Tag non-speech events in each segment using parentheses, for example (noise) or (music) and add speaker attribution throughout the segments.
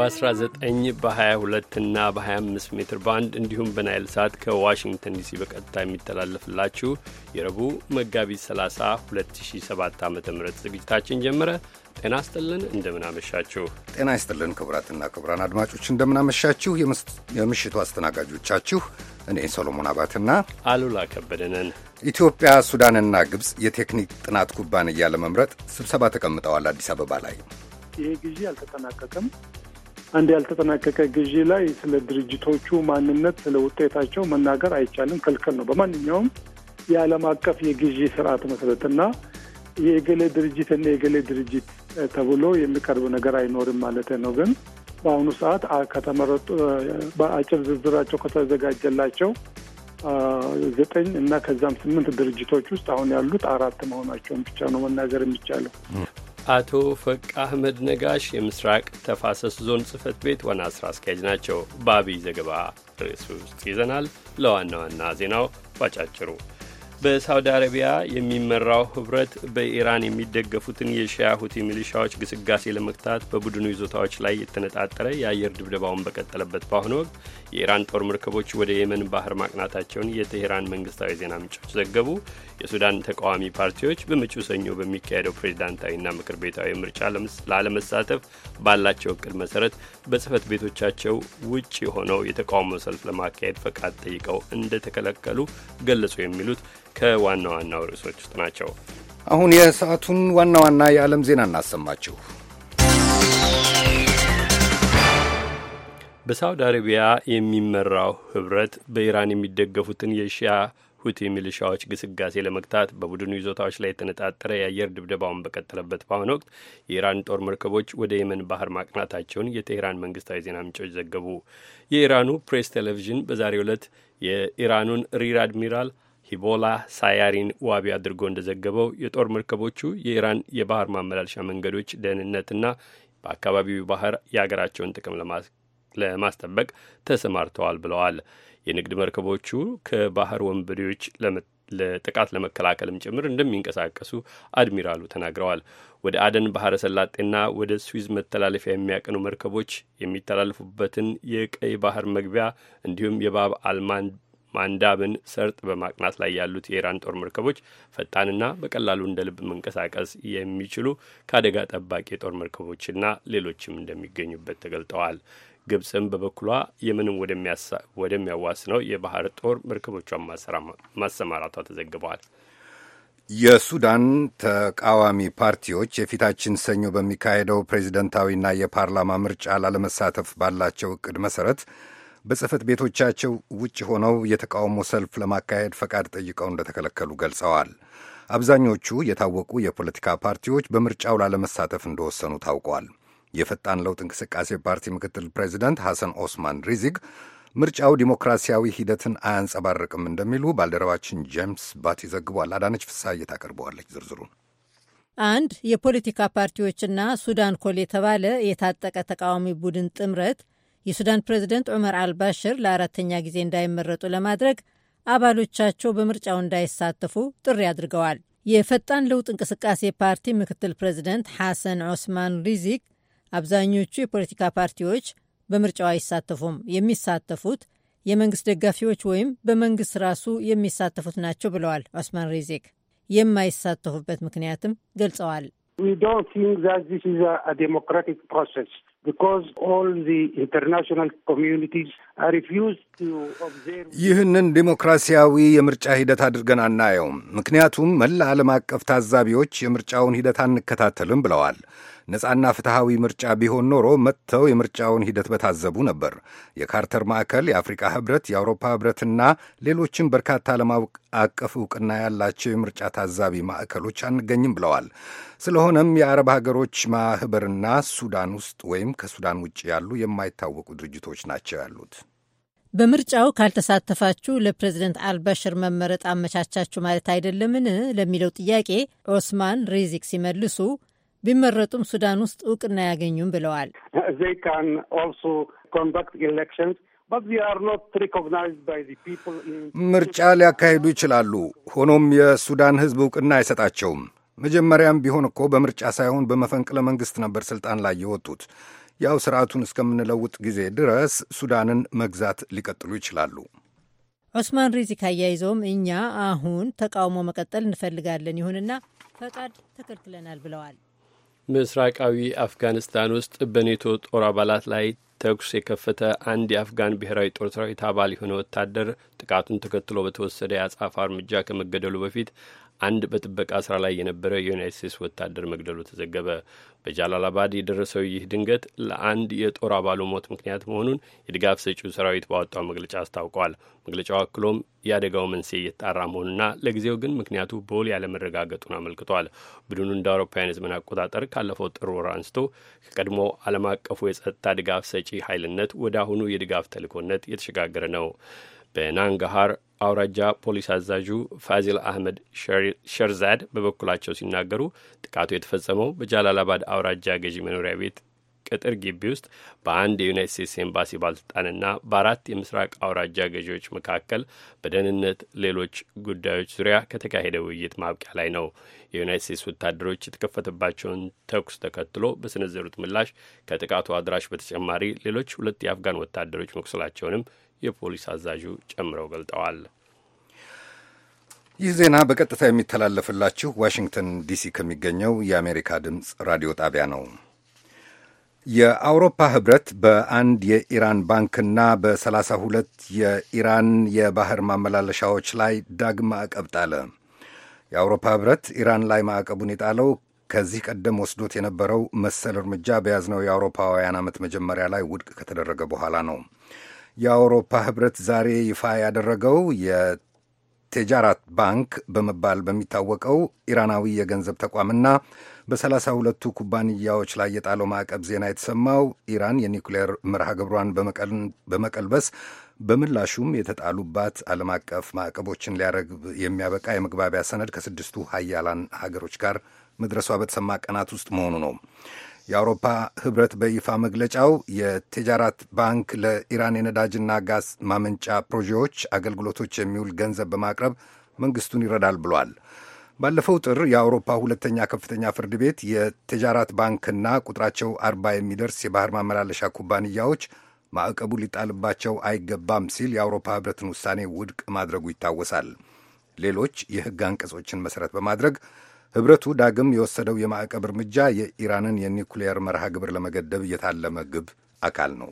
Speaker 1: በ19 በ22 እና በ25 ሜትር ባንድ እንዲሁም በናይል ሳት ከዋሽንግተን ዲሲ በቀጥታ የሚተላለፍላችሁ የረቡዕ መጋቢት 30 2007 ዓ ም ዝግጅታችን ጀመረ። ጤና ይስጥልን፣ እንደምናመሻችሁ። ጤና ይስጥልን ክቡራትና ክቡራን
Speaker 2: አድማጮች እንደምናመሻችሁ። የምሽቱ አስተናጋጆቻችሁ እኔ ሰሎሞን አባትና
Speaker 1: አሉላ ከበደ
Speaker 2: ኢትዮጵያ፣ ሱዳንና ግብፅ የቴክኒክ ጥናት ኩባንያ ለመምረጥ ስብሰባ ተቀምጠዋል አዲስ አበባ ላይ።
Speaker 1: ይሄ ጊዜ አልተጠናቀቀም።
Speaker 3: አንድ ያልተጠናቀቀ ግዢ ላይ ስለ ድርጅቶቹ ማንነት፣ ስለ ውጤታቸው መናገር አይቻልም፣ ክልክል ነው። በማንኛውም የዓለም አቀፍ የግዢ ስርዓት መሰረት እና የእገሌ ድርጅት እና የእገሌ ድርጅት ተብሎ የሚቀርብ ነገር አይኖርም ማለት ነው። ግን በአሁኑ ሰዓት ከተመረጡ በአጭር ዝርዝራቸው ከተዘጋጀላቸው ዘጠኝ እና ከዛም ስምንት ድርጅቶች ውስጥ አሁን ያሉት አራት መሆናቸውን ብቻ ነው መናገር የሚቻለው።
Speaker 1: አቶ ፈቅ አህመድ ነጋሽ የምስራቅ ተፋሰስ ዞን ጽህፈት ቤት ዋና ስራ አስኪያጅ ናቸው። በአብይ ዘገባ ርዕስ ውስጥ ይዘናል። ለዋና ዋና ዜናው ባጫጭሩ በሳውዲ አረቢያ የሚመራው ህብረት በኢራን የሚደገፉትን የሺያ ሁቲ ሚሊሻዎች ግስጋሴ ለመግታት በቡድኑ ይዞታዎች ላይ የተነጣጠረ የአየር ድብደባውን በቀጠለበት በአሁኑ ወቅት የኢራን ጦር መርከቦች ወደ የመን ባህር ማቅናታቸውን የቴሄራን መንግስታዊ ዜና ምንጮች ዘገቡ። የሱዳን ተቃዋሚ ፓርቲዎች በመጪው ሰኞ በሚካሄደው ፕሬዚዳንታዊና ምክር ቤታዊ ምርጫ ላለመሳተፍ ባላቸው እቅድ መሰረት በጽህፈት ቤቶቻቸው ውጭ ሆነው የተቃውሞ ሰልፍ ለማካሄድ ፈቃድ ጠይቀው እንደተከለከሉ ገለጹ። የሚሉት ከዋና ዋናው ርዕሶች ውስጥ ናቸው።
Speaker 2: አሁን የሰዓቱን ዋና ዋና የዓለም ዜና እናሰማችሁ።
Speaker 1: በሳውዲ አረቢያ የሚመራው ህብረት በኢራን የሚደገፉትን የሺያ ሁቲ ሚሊሻዎች ግስጋሴ ለመግታት በቡድኑ ይዞታዎች ላይ የተነጣጠረ የአየር ድብደባውን በቀጠለበት በአሁኑ ወቅት የኢራን ጦር መርከቦች ወደ የመን ባህር ማቅናታቸውን የቴህራን መንግስታዊ ዜና ምንጮች ዘገቡ። የኢራኑ ፕሬስ ቴሌቪዥን በዛሬው ዕለት የኢራኑን ሪር አድሚራል ሂቦላ ሳያሪን ዋቢ አድርጎ እንደዘገበው የጦር መርከቦቹ የኢራን የባህር ማመላለሻ መንገዶች ደህንነትና በአካባቢው ባህር የሀገራቸውን ጥቅም ለማስጠበቅ ተሰማርተዋል ብለዋል። የንግድ መርከቦቹ ከባህር ወንበዴዎች ለጥቃት ለመከላከልም ጭምር እንደሚንቀሳቀሱ አድሚራሉ ተናግረዋል። ወደ አደን ባህረ ሰላጤና ወደ ስዊዝ መተላለፊያ የሚያቀኑ መርከቦች የሚተላለፉበትን የቀይ ባህር መግቢያ እንዲሁም የባብ አልማን ማንዳብን ሰርጥ በማቅናት ላይ ያሉት የኢራን ጦር መርከቦች ፈጣንና በቀላሉ እንደ ልብ መንቀሳቀስ የሚችሉ ከአደጋ ጠባቂ የጦር መርከቦችና ሌሎችም እንደሚገኙበት ተገልጠዋል። ግብፅም በበኩሏ የምንም ወደሚያዋስነው የባህር ጦር መርከቦቿን ማሰማራቷ ተዘግበዋል።
Speaker 2: የሱዳን ተቃዋሚ ፓርቲዎች የፊታችን ሰኞ በሚካሄደው ፕሬዚደንታዊና የፓርላማ ምርጫ ላለመሳተፍ ባላቸው እቅድ መሰረት በጽህፈት ቤቶቻቸው ውጭ ሆነው የተቃውሞ ሰልፍ ለማካሄድ ፈቃድ ጠይቀው እንደተከለከሉ ገልጸዋል። አብዛኞቹ የታወቁ የፖለቲካ ፓርቲዎች በምርጫው ላለመሳተፍ እንደወሰኑ ታውቋል። የፈጣን ለውጥ እንቅስቃሴ ፓርቲ ምክትል ፕሬዚደንት ሐሰን ኦስማን ሪዚግ ምርጫው ዲሞክራሲያዊ ሂደትን አያንጸባርቅም እንደሚሉ ባልደረባችን ጄምስ ባቲ ዘግቧል። አዳነች ፍሳሐ ታቀርበዋለች ዝርዝሩን።
Speaker 4: አንድ የፖለቲካ ፓርቲዎችና ሱዳን ኮል የተባለ የታጠቀ ተቃዋሚ ቡድን ጥምረት የሱዳን ፕሬዚደንት ዑመር አልባሽር ለአራተኛ ጊዜ እንዳይመረጡ ለማድረግ አባሎቻቸው በምርጫው እንዳይሳተፉ ጥሪ አድርገዋል። የፈጣን ለውጥ እንቅስቃሴ ፓርቲ ምክትል ፕሬዚደንት ሐሰን ዑስማን ሪዚክ አብዛኞቹ የፖለቲካ ፓርቲዎች በምርጫው አይሳተፉም። የሚሳተፉት የመንግስት ደጋፊዎች ወይም በመንግስት ራሱ የሚሳተፉት ናቸው ብለዋል ኦስማን ሬዜክ። የማይሳተፉበት ምክንያትም ገልጸዋል።
Speaker 2: ይህንን ዲሞክራሲያዊ የምርጫ ሂደት አድርገን አናየውም፣ ምክንያቱም መላ ዓለም አቀፍ ታዛቢዎች የምርጫውን ሂደት አንከታተልም ብለዋል። ነፃና ፍትሐዊ ምርጫ ቢሆን ኖሮ መጥተው የምርጫውን ሂደት በታዘቡ ነበር። የካርተር ማዕከል፣ የአፍሪካ ህብረት፣ የአውሮፓ ህብረትና ሌሎችም በርካታ ዓለም አቀፍ እውቅና ያላቸው የምርጫ ታዛቢ ማዕከሎች አንገኝም ብለዋል። ስለሆነም የአረብ ሀገሮች ማህበርና ሱዳን ውስጥ ወይም ከሱዳን ውጭ ያሉ የማይታወቁ ድርጅቶች ናቸው ያሉት።
Speaker 4: በምርጫው ካልተሳተፋችሁ ለፕሬዚደንት አልባሽር መመረጥ አመቻቻችሁ ማለት አይደለምን? ለሚለው ጥያቄ ኦስማን ሪዚክ ሲመልሱ ቢመረጡም ሱዳን ውስጥ እውቅና አያገኙም ብለዋል።
Speaker 2: ምርጫ ሊያካሂዱ ይችላሉ። ሆኖም የሱዳን ሕዝብ እውቅና አይሰጣቸውም። መጀመሪያም ቢሆን እኮ በምርጫ ሳይሆን በመፈንቅለ መንግሥት ነበር ሥልጣን ላይ የወጡት። ያው ስርዓቱን እስከምንለውጥ ጊዜ ድረስ ሱዳንን መግዛት ሊቀጥሉ ይችላሉ።
Speaker 4: ዑስማን ሪዚክ አያይዘውም እኛ አሁን ተቃውሞ መቀጠል እንፈልጋለን፣ ይሁንና ፈቃድ ተከልክለናል ብለዋል።
Speaker 1: ምስራቃዊ አፍጋኒስታን ውስጥ በኔቶ ጦር አባላት ላይ ተኩስ የከፈተ አንድ የአፍጋን ብሔራዊ ጦር ሰራዊት አባል የሆነ ወታደር ጥቃቱን ተከትሎ በተወሰደ የአጻፋ እርምጃ ከመገደሉ በፊት አንድ በጥበቃ ስራ ላይ የነበረ የዩናይት ስቴትስ ወታደር መግደሉ ተዘገበ። በጃላላባድ የደረሰው ይህ ድንገት ለአንድ የጦር አባሉ ሞት ምክንያት መሆኑን የድጋፍ ሰጪው ሰራዊት ባወጣው መግለጫ አስታውቋል። መግለጫው አክሎም የአደጋው መንስኤ እየተጣራ መሆኑና ለጊዜው ግን ምክንያቱ በውል ያለመረጋገጡን አመልክቷል። ቡድኑ እንደ አውሮፓውያን ዘመን አቆጣጠር ካለፈው ጥር ወር አንስቶ ከቀድሞ ዓለም አቀፉ የጸጥታ ድጋፍ ሰጪ ኃይልነት ወደ አሁኑ የድጋፍ ተልእኮነት የተሸጋገረ ነው። በናንጋሃር አውራጃ ፖሊስ አዛዡ ፋዚል አህመድ ሸርዛድ በበኩላቸው ሲናገሩ ጥቃቱ የተፈጸመው በጃላላባድ አውራጃ ገዢ መኖሪያ ቤት ቅጥር ግቢ ውስጥ በአንድ የዩናይት ስቴትስ ኤምባሲ ባለስልጣንና በአራት የምስራቅ አውራጃ ገዢዎች መካከል በደህንነት ሌሎች ጉዳዮች ዙሪያ ከተካሄደ ውይይት ማብቂያ ላይ ነው። የዩናይት ስቴትስ ወታደሮች የተከፈተባቸውን ተኩስ ተከትሎ በሰነዘሩት ምላሽ ከጥቃቱ አድራሽ በተጨማሪ ሌሎች ሁለት የአፍጋን ወታደሮች መቁሰላቸውንም የፖሊስ አዛዡ ጨምረው ገልጠዋል።
Speaker 2: ይህ ዜና በቀጥታ የሚተላለፍላችሁ ዋሽንግተን ዲሲ ከሚገኘው የአሜሪካ ድምፅ ራዲዮ ጣቢያ ነው። የአውሮፓ ህብረት በአንድ የኢራን ባንክና በሰላሳ ሁለት የኢራን የባህር ማመላለሻዎች ላይ ዳግም ማዕቀብ ጣለ። የአውሮፓ ህብረት ኢራን ላይ ማዕቀቡን የጣለው ከዚህ ቀደም ወስዶት የነበረው መሰል እርምጃ በያዝነው የአውሮፓውያን ዓመት መጀመሪያ ላይ ውድቅ ከተደረገ በኋላ ነው። የአውሮፓ ህብረት ዛሬ ይፋ ያደረገው የቴጃራት ባንክ በመባል በሚታወቀው ኢራናዊ የገንዘብ ተቋምና በሰላሳ ሁለቱ ኩባንያዎች ላይ የጣለው ማዕቀብ ዜና የተሰማው ኢራን የኒውክሌር መርሃ ግብሯን በመቀልበስ በምላሹም የተጣሉባት ዓለም አቀፍ ማዕቀቦችን ሊያረግብ የሚያበቃ የመግባቢያ ሰነድ ከስድስቱ ሀያላን ሀገሮች ጋር መድረሷ በተሰማ ቀናት ውስጥ መሆኑ ነው። የአውሮፓ ህብረት በይፋ መግለጫው የቴጃራት ባንክ ለኢራን የነዳጅና ጋዝ ማመንጫ ፕሮጀዎች አገልግሎቶች የሚውል ገንዘብ በማቅረብ መንግስቱን ይረዳል ብሏል። ባለፈው ጥር የአውሮፓ ሁለተኛ ከፍተኛ ፍርድ ቤት የቴጃራት ባንክና ቁጥራቸው አርባ የሚደርስ የባህር ማመላለሻ ኩባንያዎች ማዕቀቡ ሊጣልባቸው አይገባም ሲል የአውሮፓ ህብረትን ውሳኔ ውድቅ ማድረጉ ይታወሳል። ሌሎች የህግ አንቀጾችን መሠረት በማድረግ ህብረቱ ዳግም የወሰደው የማዕቀብ እርምጃ የኢራንን የኒውክሊየር መርሃ ግብር ለመገደብ የታለመ ግብ አካል ነው።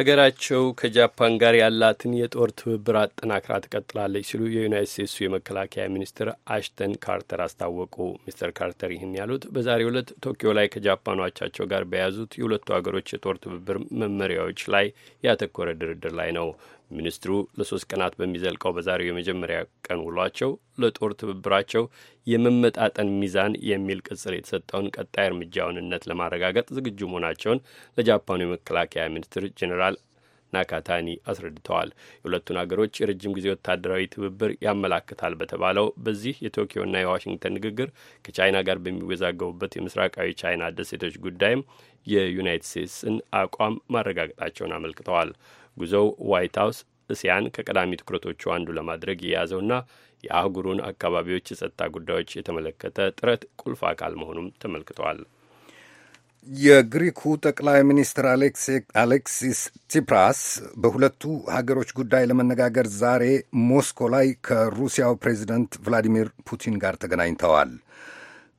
Speaker 1: አገራቸው ከጃፓን ጋር ያላትን የጦር ትብብር አጠናክራ ትቀጥላለች ሲሉ የዩናይት ስቴትሱ የመከላከያ ሚኒስትር አሽተን ካርተር አስታወቁ። ሚስተር ካርተር ይህን ያሉት በዛሬው ዕለት ቶኪዮ ላይ ከጃፓን አቻቸው ጋር በያዙት የሁለቱ አገሮች የጦር ትብብር መመሪያዎች ላይ ያተኮረ ድርድር ላይ ነው። ሚኒስትሩ ለሶስት ቀናት በሚዘልቀው በዛሬው የመጀመሪያ ቀን ውሏቸው ለጦር ትብብራቸው የመመጣጠን ሚዛን የሚል ቅጽል የተሰጠውን ቀጣይ እርምጃውንነት ለማረጋገጥ ዝግጁ መሆናቸውን ለጃፓኑ የመከላከያ ሚኒስትር ጄኔራል ናካታኒ አስረድተዋል። የሁለቱን አገሮች የረጅም ጊዜ ወታደራዊ ትብብር ያመላክታል በተባለው በዚህ የቶኪዮና የዋሽንግተን ንግግር ከቻይና ጋር በሚወዛገቡበት የምስራቃዊ ቻይና ደሴቶች ጉዳይም የዩናይትድ ስቴትስን አቋም ማረጋገጣቸውን አመልክተዋል። ጉዞው ዋይት ሀውስ እስያን ከቀዳሚ ትኩረቶቹ አንዱ ለማድረግ የያዘውና የአህጉሩን አካባቢዎች የጸጥታ ጉዳዮች የተመለከተ ጥረት ቁልፍ አካል መሆኑም ተመልክተዋል።
Speaker 2: የግሪኩ ጠቅላይ ሚኒስትር አሌክሲስ ቲፕራስ በሁለቱ ሀገሮች ጉዳይ ለመነጋገር ዛሬ ሞስኮ ላይ ከሩሲያው ፕሬዚደንት ቭላዲሚር ፑቲን ጋር ተገናኝተዋል።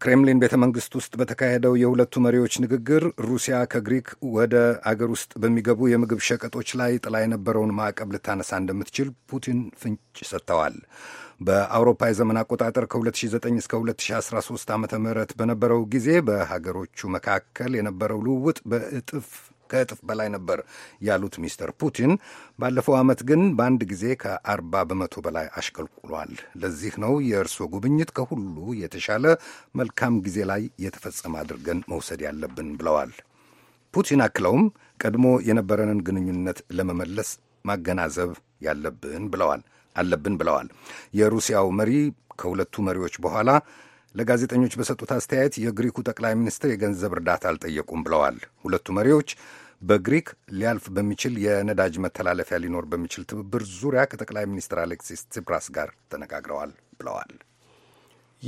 Speaker 2: ክሬምሊን ቤተ መንግሥት ውስጥ በተካሄደው የሁለቱ መሪዎች ንግግር ሩሲያ ከግሪክ ወደ አገር ውስጥ በሚገቡ የምግብ ሸቀጦች ላይ ጥላ የነበረውን ማዕቀብ ልታነሳ እንደምትችል ፑቲን ፍንጭ ሰጥተዋል። በአውሮፓ የዘመን አቆጣጠር ከ2009 እስከ 2013 ዓ ም በነበረው ጊዜ በሀገሮቹ መካከል የነበረው ልውውጥ በእጥፍ ከእጥፍ በላይ ነበር ያሉት ሚስተር ፑቲን ባለፈው ዓመት ግን በአንድ ጊዜ ከአርባ በመቶ በላይ አሽቀልቁሏል። ለዚህ ነው የእርሶ ጉብኝት ከሁሉ የተሻለ መልካም ጊዜ ላይ የተፈጸመ አድርገን መውሰድ ያለብን ብለዋል። ፑቲን አክለውም ቀድሞ የነበረንን ግንኙነት ለመመለስ ማገናዘብ ያለብን ብለዋል አለብን ብለዋል። የሩሲያው መሪ ከሁለቱ መሪዎች በኋላ ለጋዜጠኞች በሰጡት አስተያየት የግሪኩ ጠቅላይ ሚኒስትር የገንዘብ እርዳታ አልጠየቁም ብለዋል። ሁለቱ መሪዎች በግሪክ ሊያልፍ በሚችል የነዳጅ መተላለፊያ ሊኖር በሚችል ትብብር ዙሪያ ከጠቅላይ ሚኒስትር አሌክሲስ ሲፕራስ ጋር ተነጋግረዋል ብለዋል።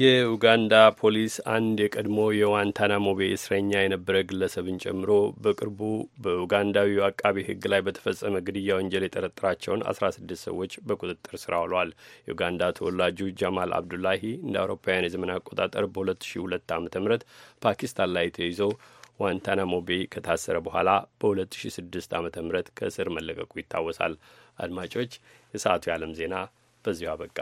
Speaker 1: የኡጋንዳ ፖሊስ አንድ የቀድሞ የዋንታናሞ ቤ እስረኛ የነበረ ግለሰብን ጨምሮ በቅርቡ በኡጋንዳዊው አቃቢ ሕግ ላይ በተፈጸመ ግድያ ወንጀል የጠረጠራቸውን አስራ ስድስት ሰዎች በቁጥጥር ስር አውሏል። የኡጋንዳ ተወላጁ ጃማል አብዱላሂ እንደ አውሮፓውያን የዘመን አቆጣጠር በ2002 ዓ ም ፓኪስታን ላይ ተይዘው ጓንታናሞ ቤ ከታሰረ በኋላ በ2006 ዓ ም ከእስር መለቀቁ ይታወሳል። አድማጮች፣ የሰዓቱ የዓለም ዜና በዚሁ አበቃ።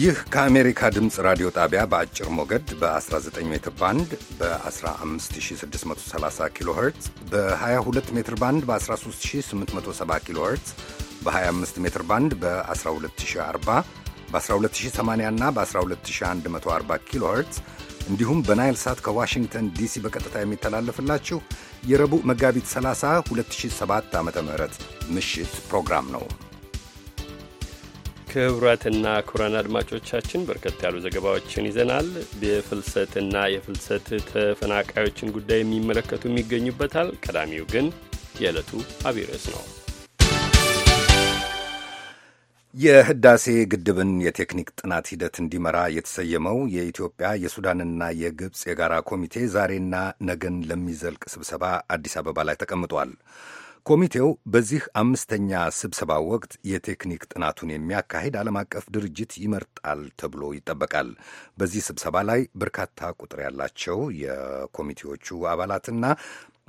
Speaker 2: ይህ ከአሜሪካ ድምፅ ራዲዮ ጣቢያ በአጭር ሞገድ በ19 ሜትር ባንድ በ15630 ኪሎ ኸርትዝ በ22 ሜትር ባንድ በ13870 ኪሎ ኸርትዝ በ25 ሜትር ባንድ በ12040 በ12080 እና በ12140 ኪሎ እንዲሁም በናይል ሳት ከዋሽንግተን ዲሲ በቀጥታ የሚተላለፍላችሁ የረቡዕ መጋቢት 30 2007 ዓ ም ምሽት ፕሮግራም ነው።
Speaker 1: ክቡራትና ክቡራን አድማጮቻችን በርከት ያሉ ዘገባዎችን ይዘናል። የፍልሰትና የፍልሰት ተፈናቃዮችን ጉዳይ የሚመለከቱ የሚገኙበታል። ቀዳሚው ግን የዕለቱ አብይ ርዕስ ነው።
Speaker 2: የህዳሴ ግድብን የቴክኒክ ጥናት ሂደት እንዲመራ የተሰየመው የኢትዮጵያ የሱዳንና የግብፅ የጋራ ኮሚቴ ዛሬና ነገን ለሚዘልቅ ስብሰባ አዲስ አበባ ላይ ተቀምጧል። ኮሚቴው በዚህ አምስተኛ ስብሰባ ወቅት የቴክኒክ ጥናቱን የሚያካሂድ ዓለም አቀፍ ድርጅት ይመርጣል ተብሎ ይጠበቃል። በዚህ ስብሰባ ላይ በርካታ ቁጥር ያላቸው የኮሚቴዎቹ አባላትና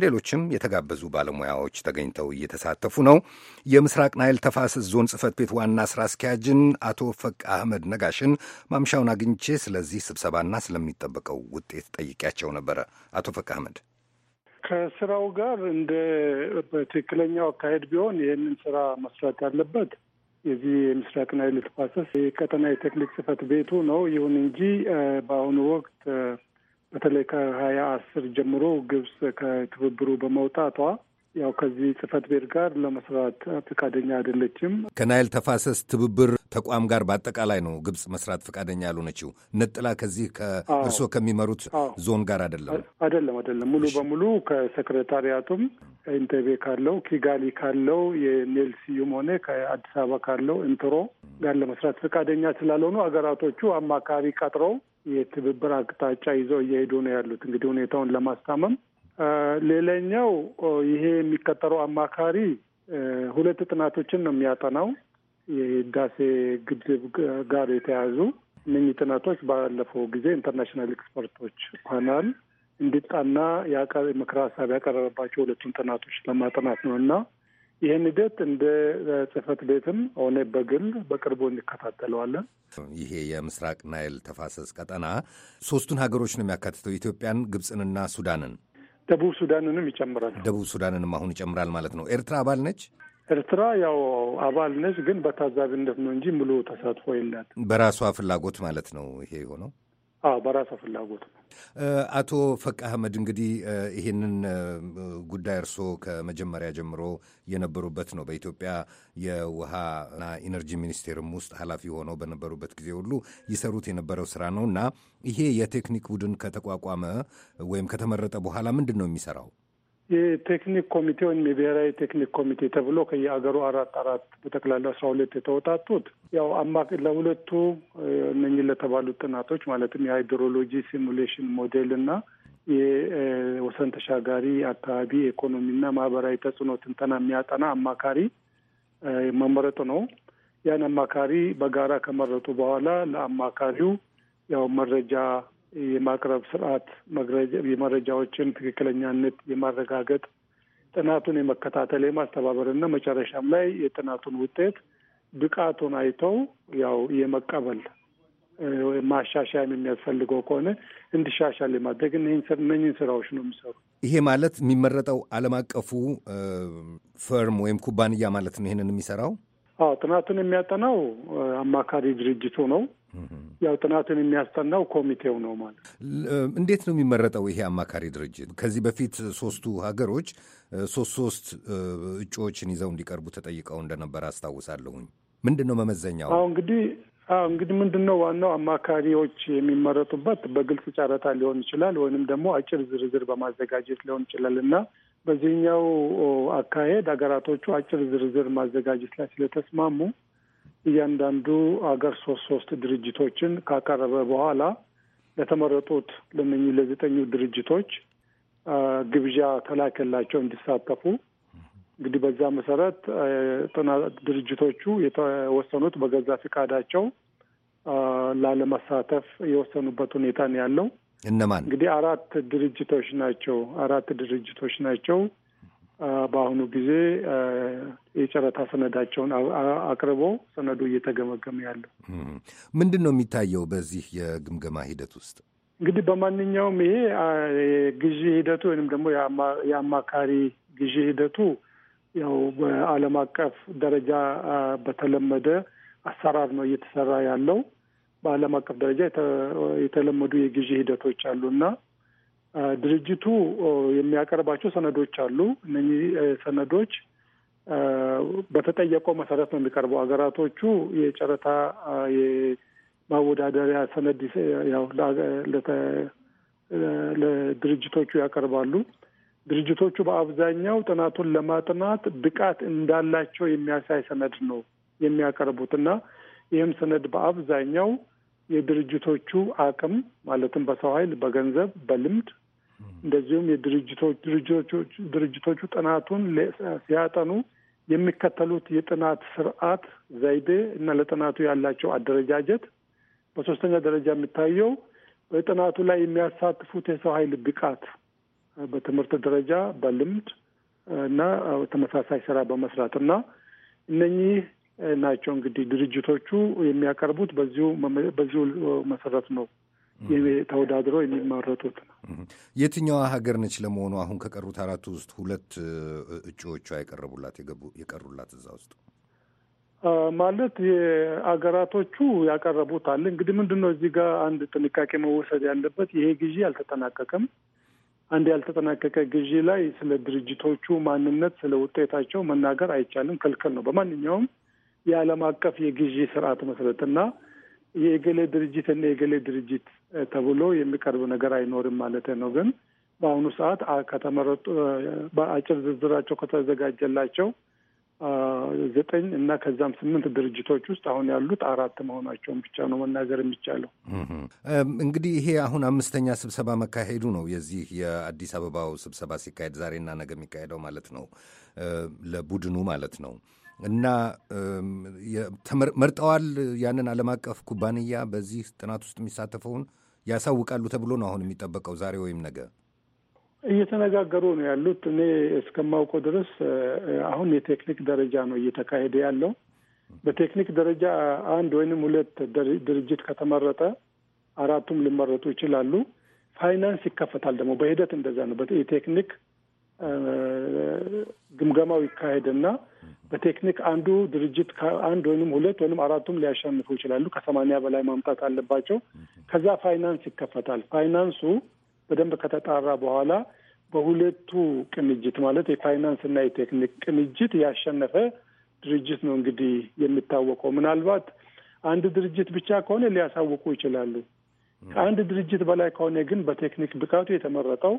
Speaker 2: ሌሎችም የተጋበዙ ባለሙያዎች ተገኝተው እየተሳተፉ ነው። የምስራቅ ናይል ተፋሰስ ዞን ጽህፈት ቤት ዋና ስራ አስኪያጅን አቶ ፈቅ አህመድ ነጋሽን ማምሻውን አግኝቼ ስለዚህ ስብሰባና ስለሚጠበቀው ውጤት ጠይቄያቸው ነበረ። አቶ ፈቅ አህመድ
Speaker 3: ከስራው ጋር እንደ በትክክለኛው አካሄድ ቢሆን ይህንን ስራ መስራት ያለበት የዚህ የምስራቅ ናይል ተፋሰስ የቀጠና የቴክኒክ ጽህፈት ቤቱ ነው። ይሁን እንጂ በአሁኑ ወቅት በተለይ ከሀያ አስር ጀምሮ ግብጽ ከትብብሩ በመውጣቷ ያው ከዚህ ጽህፈት ቤት ጋር ለመስራት ፈቃደኛ አይደለችም።
Speaker 2: ከናይል ተፋሰስ ትብብር ተቋም ጋር በአጠቃላይ ነው ግብጽ መስራት ፈቃደኛ ያልሆነችው፣ ነጥላ ከዚህ ከእርስዎ ከሚመሩት ዞን ጋር አይደለም
Speaker 3: አይደለም አይደለም። ሙሉ በሙሉ ከሴክሬታሪያቱም ኢንተቤ ካለው ኪጋሊ ካለው የኔልሲዩም ሆነ ከአዲስ አበባ ካለው ኢንትሮ ጋር ለመስራት ፈቃደኛ ስላልሆኑ አገራቶቹ አማካሪ ቀጥረው የትብብር አቅጣጫ ይዘው እየሄዱ ነው ያሉት። እንግዲህ ሁኔታውን ለማስታመም ሌላኛው ይሄ የሚቀጠረው አማካሪ ሁለት ጥናቶችን ነው የሚያጠናው የህዳሴ ግድብ ጋር የተያዙ እነኚህ ጥናቶች ባለፈው ጊዜ ኢንተርናሽናል ኤክስፐርቶች ፓናል እንዲጣና ምክረ ሀሳብ ያቀረበባቸው ሁለቱን ጥናቶች ለማጥናት ነው እና ይህን ሂደት እንደ ጽህፈት ቤትም ሆነ በግል
Speaker 2: በቅርቡ እንከታተለዋለን። ይሄ የምስራቅ ናይል ተፋሰስ ቀጠና ሶስቱን ሀገሮች ነው የሚያካትተው ኢትዮጵያን፣ ግብፅንና ሱዳንን ደቡብ ሱዳንንም ይጨምራል። ደቡብ ሱዳንንም አሁን ይጨምራል ማለት ነው። ኤርትራ አባል ነች። ኤርትራ ያው አባል ነች፣ ግን በታዛቢነት ነው
Speaker 3: እንጂ ሙሉ ተሳትፎ የላት።
Speaker 2: በራሷ ፍላጎት ማለት ነው ይሄ የሆነው
Speaker 3: አዎ ፍላጎት ነው።
Speaker 2: አቶ ፈቃ አህመድ እንግዲህ ይህንን ጉዳይ እርስዎ ከመጀመሪያ ጀምሮ የነበሩበት ነው። በኢትዮጵያ የውሃና ኢነርጂ ሚኒስቴርም ውስጥ ኃላፊ ሆነው በነበሩበት ጊዜ ሁሉ ይሰሩት የነበረው ስራ ነው እና ይሄ የቴክኒክ ቡድን ከተቋቋመ ወይም ከተመረጠ በኋላ ምንድን ነው የሚሰራው?
Speaker 3: የቴክኒክ ኮሚቴ ወይም የብሔራዊ ቴክኒክ ኮሚቴ ተብሎ ከየአገሩ አራት አራት በጠቅላላ አስራ ሁለት የተወጣጡት ያው አማ ለሁለቱ እነኝህ ለተባሉት ጥናቶች ማለትም የሃይድሮሎጂ ሲሙሌሽን ሞዴል እና የወሰን ተሻጋሪ አካባቢ ኢኮኖሚና ማህበራዊ ተጽዕኖ ትንተና የሚያጠና አማካሪ መመረጡ ነው። ያን አማካሪ በጋራ ከመረጡ በኋላ ለአማካሪው ያው መረጃ የማቅረብ ስርዓት የመረጃዎችን ትክክለኛነት የማረጋገጥ ጥናቱን የመከታተል የማስተባበር እና መጨረሻም ላይ የጥናቱን ውጤት ብቃቱን አይተው ያው የመቀበል ማሻሻያም የሚያስፈልገው ከሆነ እንዲሻሻል የማድረግ እነኝን ስራዎች ነው የሚሰሩ።
Speaker 2: ይሄ ማለት የሚመረጠው ዓለም አቀፉ ፈርም ወይም ኩባንያ ማለት ነው ይህንን የሚሰራው
Speaker 3: አዎ ጥናቱን የሚያጠናው አማካሪ ድርጅቱ ነው። ያው ጥናቱን የሚያስጠናው ኮሚቴው ነው ማለት።
Speaker 2: እንዴት ነው የሚመረጠው ይሄ አማካሪ ድርጅት? ከዚህ በፊት ሶስቱ ሀገሮች ሶስት ሶስት እጩዎችን ይዘው እንዲቀርቡ ተጠይቀው እንደነበር አስታውሳለሁኝ። ምንድን ነው መመዘኛው? አሁ
Speaker 3: እንግዲህ አዎ እንግዲህ ምንድን ነው ዋናው አማካሪዎች የሚመረጡበት በግልጽ ጨረታ ሊሆን ይችላል፣ ወይንም ደግሞ አጭር ዝርዝር በማዘጋጀት ሊሆን ይችላል እና በዚህኛው አካሄድ ሀገራቶቹ አጭር ዝርዝር ማዘጋጀት ላይ ስለተስማሙ እያንዳንዱ ሀገር ሶስት ሶስት ድርጅቶችን ካቀረበ በኋላ ለተመረጡት ለእነኚህ ለዘጠኙ ድርጅቶች ግብዣ ተላከላቸው እንዲሳተፉ። እንግዲህ በዛ መሰረት ጥናት ድርጅቶቹ የተወሰኑት በገዛ ፈቃዳቸው ላለመሳተፍ የወሰኑበት ሁኔታ ነው ያለው። እነማን እንግዲህ አራት ድርጅቶች ናቸው አራት ድርጅቶች ናቸው በአሁኑ ጊዜ የጨረታ ሰነዳቸውን አቅርበው ሰነዱ እየተገመገመ ያለው።
Speaker 2: ምንድን ነው የሚታየው በዚህ የግምገማ ሂደት ውስጥ?
Speaker 3: እንግዲህ በማንኛውም ይሄ ግዢ ሂደቱ ወይንም ደግሞ የአማካሪ ግዢ ሂደቱ ያው በዓለም አቀፍ ደረጃ በተለመደ አሰራር ነው እየተሰራ ያለው። በዓለም አቀፍ ደረጃ የተለመዱ የግዢ ሂደቶች አሉ እና ድርጅቱ የሚያቀርባቸው ሰነዶች አሉ። እነኚህ ሰነዶች በተጠየቀው መሰረት ነው የሚቀርበው። ሀገራቶቹ የጨረታ የማወዳደሪያ ሰነድ ያው ለድርጅቶቹ ያቀርባሉ። ድርጅቶቹ በአብዛኛው ጥናቱን ለማጥናት ብቃት እንዳላቸው የሚያሳይ ሰነድ ነው የሚያቀርቡት እና ይህም ሰነድ በአብዛኛው የድርጅቶቹ አቅም ማለትም በሰው ኃይል፣ በገንዘብ፣ በልምድ እንደዚሁም የድርጅቶች ድርጅቶቹ ጥናቱን ሲያጠኑ የሚከተሉት የጥናት ስርዓት ዘይቤ እና ለጥናቱ ያላቸው አደረጃጀት፣ በሶስተኛ ደረጃ የሚታየው በጥናቱ ላይ የሚያሳትፉት የሰው ኃይል ብቃት በትምህርት ደረጃ በልምድ እና ተመሳሳይ ስራ በመስራት እና እነኚህ ናቸው። እንግዲህ ድርጅቶቹ የሚያቀርቡት በዚሁ በዚሁ መሰረት ነው ተወዳድረው የሚመረጡት።
Speaker 2: የትኛዋ ሀገር ነች ለመሆኑ አሁን ከቀሩት አራቱ ውስጥ ሁለት እጩዎቿ የቀረቡላት የቀሩላት እዛ ውስጥ
Speaker 3: ማለት የአገራቶቹ ያቀረቡት አለ። እንግዲህ ምንድን ነው እዚህ ጋር አንድ ጥንቃቄ መወሰድ ያለበት ይሄ ግዢ አልተጠናቀቀም። አንድ ያልተጠናቀቀ ግዢ ላይ ስለ ድርጅቶቹ ማንነት፣ ስለ ውጤታቸው መናገር አይቻልም፣ ክልክል ነው በማንኛውም የዓለም አቀፍ የግዢ ስርዓት መሰረትና የገሌ ድርጅት እና የገሌ ድርጅት ተብሎ የሚቀርብ ነገር አይኖርም ማለት ነው። ግን በአሁኑ ሰዓት ከተመረጡ በአጭር ዝርዝራቸው ከተዘጋጀላቸው ዘጠኝ እና ከዛም ስምንት ድርጅቶች ውስጥ አሁን ያሉት አራት መሆናቸውን ብቻ ነው መናገር የሚቻለው።
Speaker 2: እንግዲህ ይሄ አሁን አምስተኛ ስብሰባ መካሄዱ ነው። የዚህ የአዲስ አበባው ስብሰባ ሲካሄድ ዛሬና ነገ የሚካሄደው ማለት ነው፣ ለቡድኑ ማለት ነው። እና መርጠዋል ያንን ዓለም አቀፍ ኩባንያ በዚህ ጥናት ውስጥ የሚሳተፈውን ያሳውቃሉ ተብሎ ነው አሁን የሚጠበቀው። ዛሬ ወይም ነገ
Speaker 3: እየተነጋገሩ ነው ያሉት። እኔ እስከማውቀው ድረስ አሁን የቴክኒክ ደረጃ ነው እየተካሄደ ያለው። በቴክኒክ ደረጃ አንድ ወይንም ሁለት ድርጅት ከተመረጠ አራቱም ሊመረጡ ይችላሉ። ፋይናንስ ይከፈታል። ደግሞ በሂደት እንደዛ ነው። የቴክኒክ ግምገማው ይካሄድና በቴክኒክ አንዱ ድርጅት ከአንድ ወይም ሁለት ወይም አራቱም ሊያሸንፉ ይችላሉ። ከሰማንያ በላይ ማምጣት አለባቸው። ከዛ ፋይናንስ ይከፈታል። ፋይናንሱ በደንብ ከተጣራ በኋላ በሁለቱ ቅንጅት ማለት የፋይናንስ እና የቴክኒክ ቅንጅት ያሸነፈ ድርጅት ነው እንግዲህ የሚታወቀው። ምናልባት አንድ ድርጅት ብቻ ከሆነ ሊያሳውቁ ይችላሉ። ከአንድ ድርጅት በላይ ከሆነ ግን በቴክኒክ ብቃቱ የተመረጠው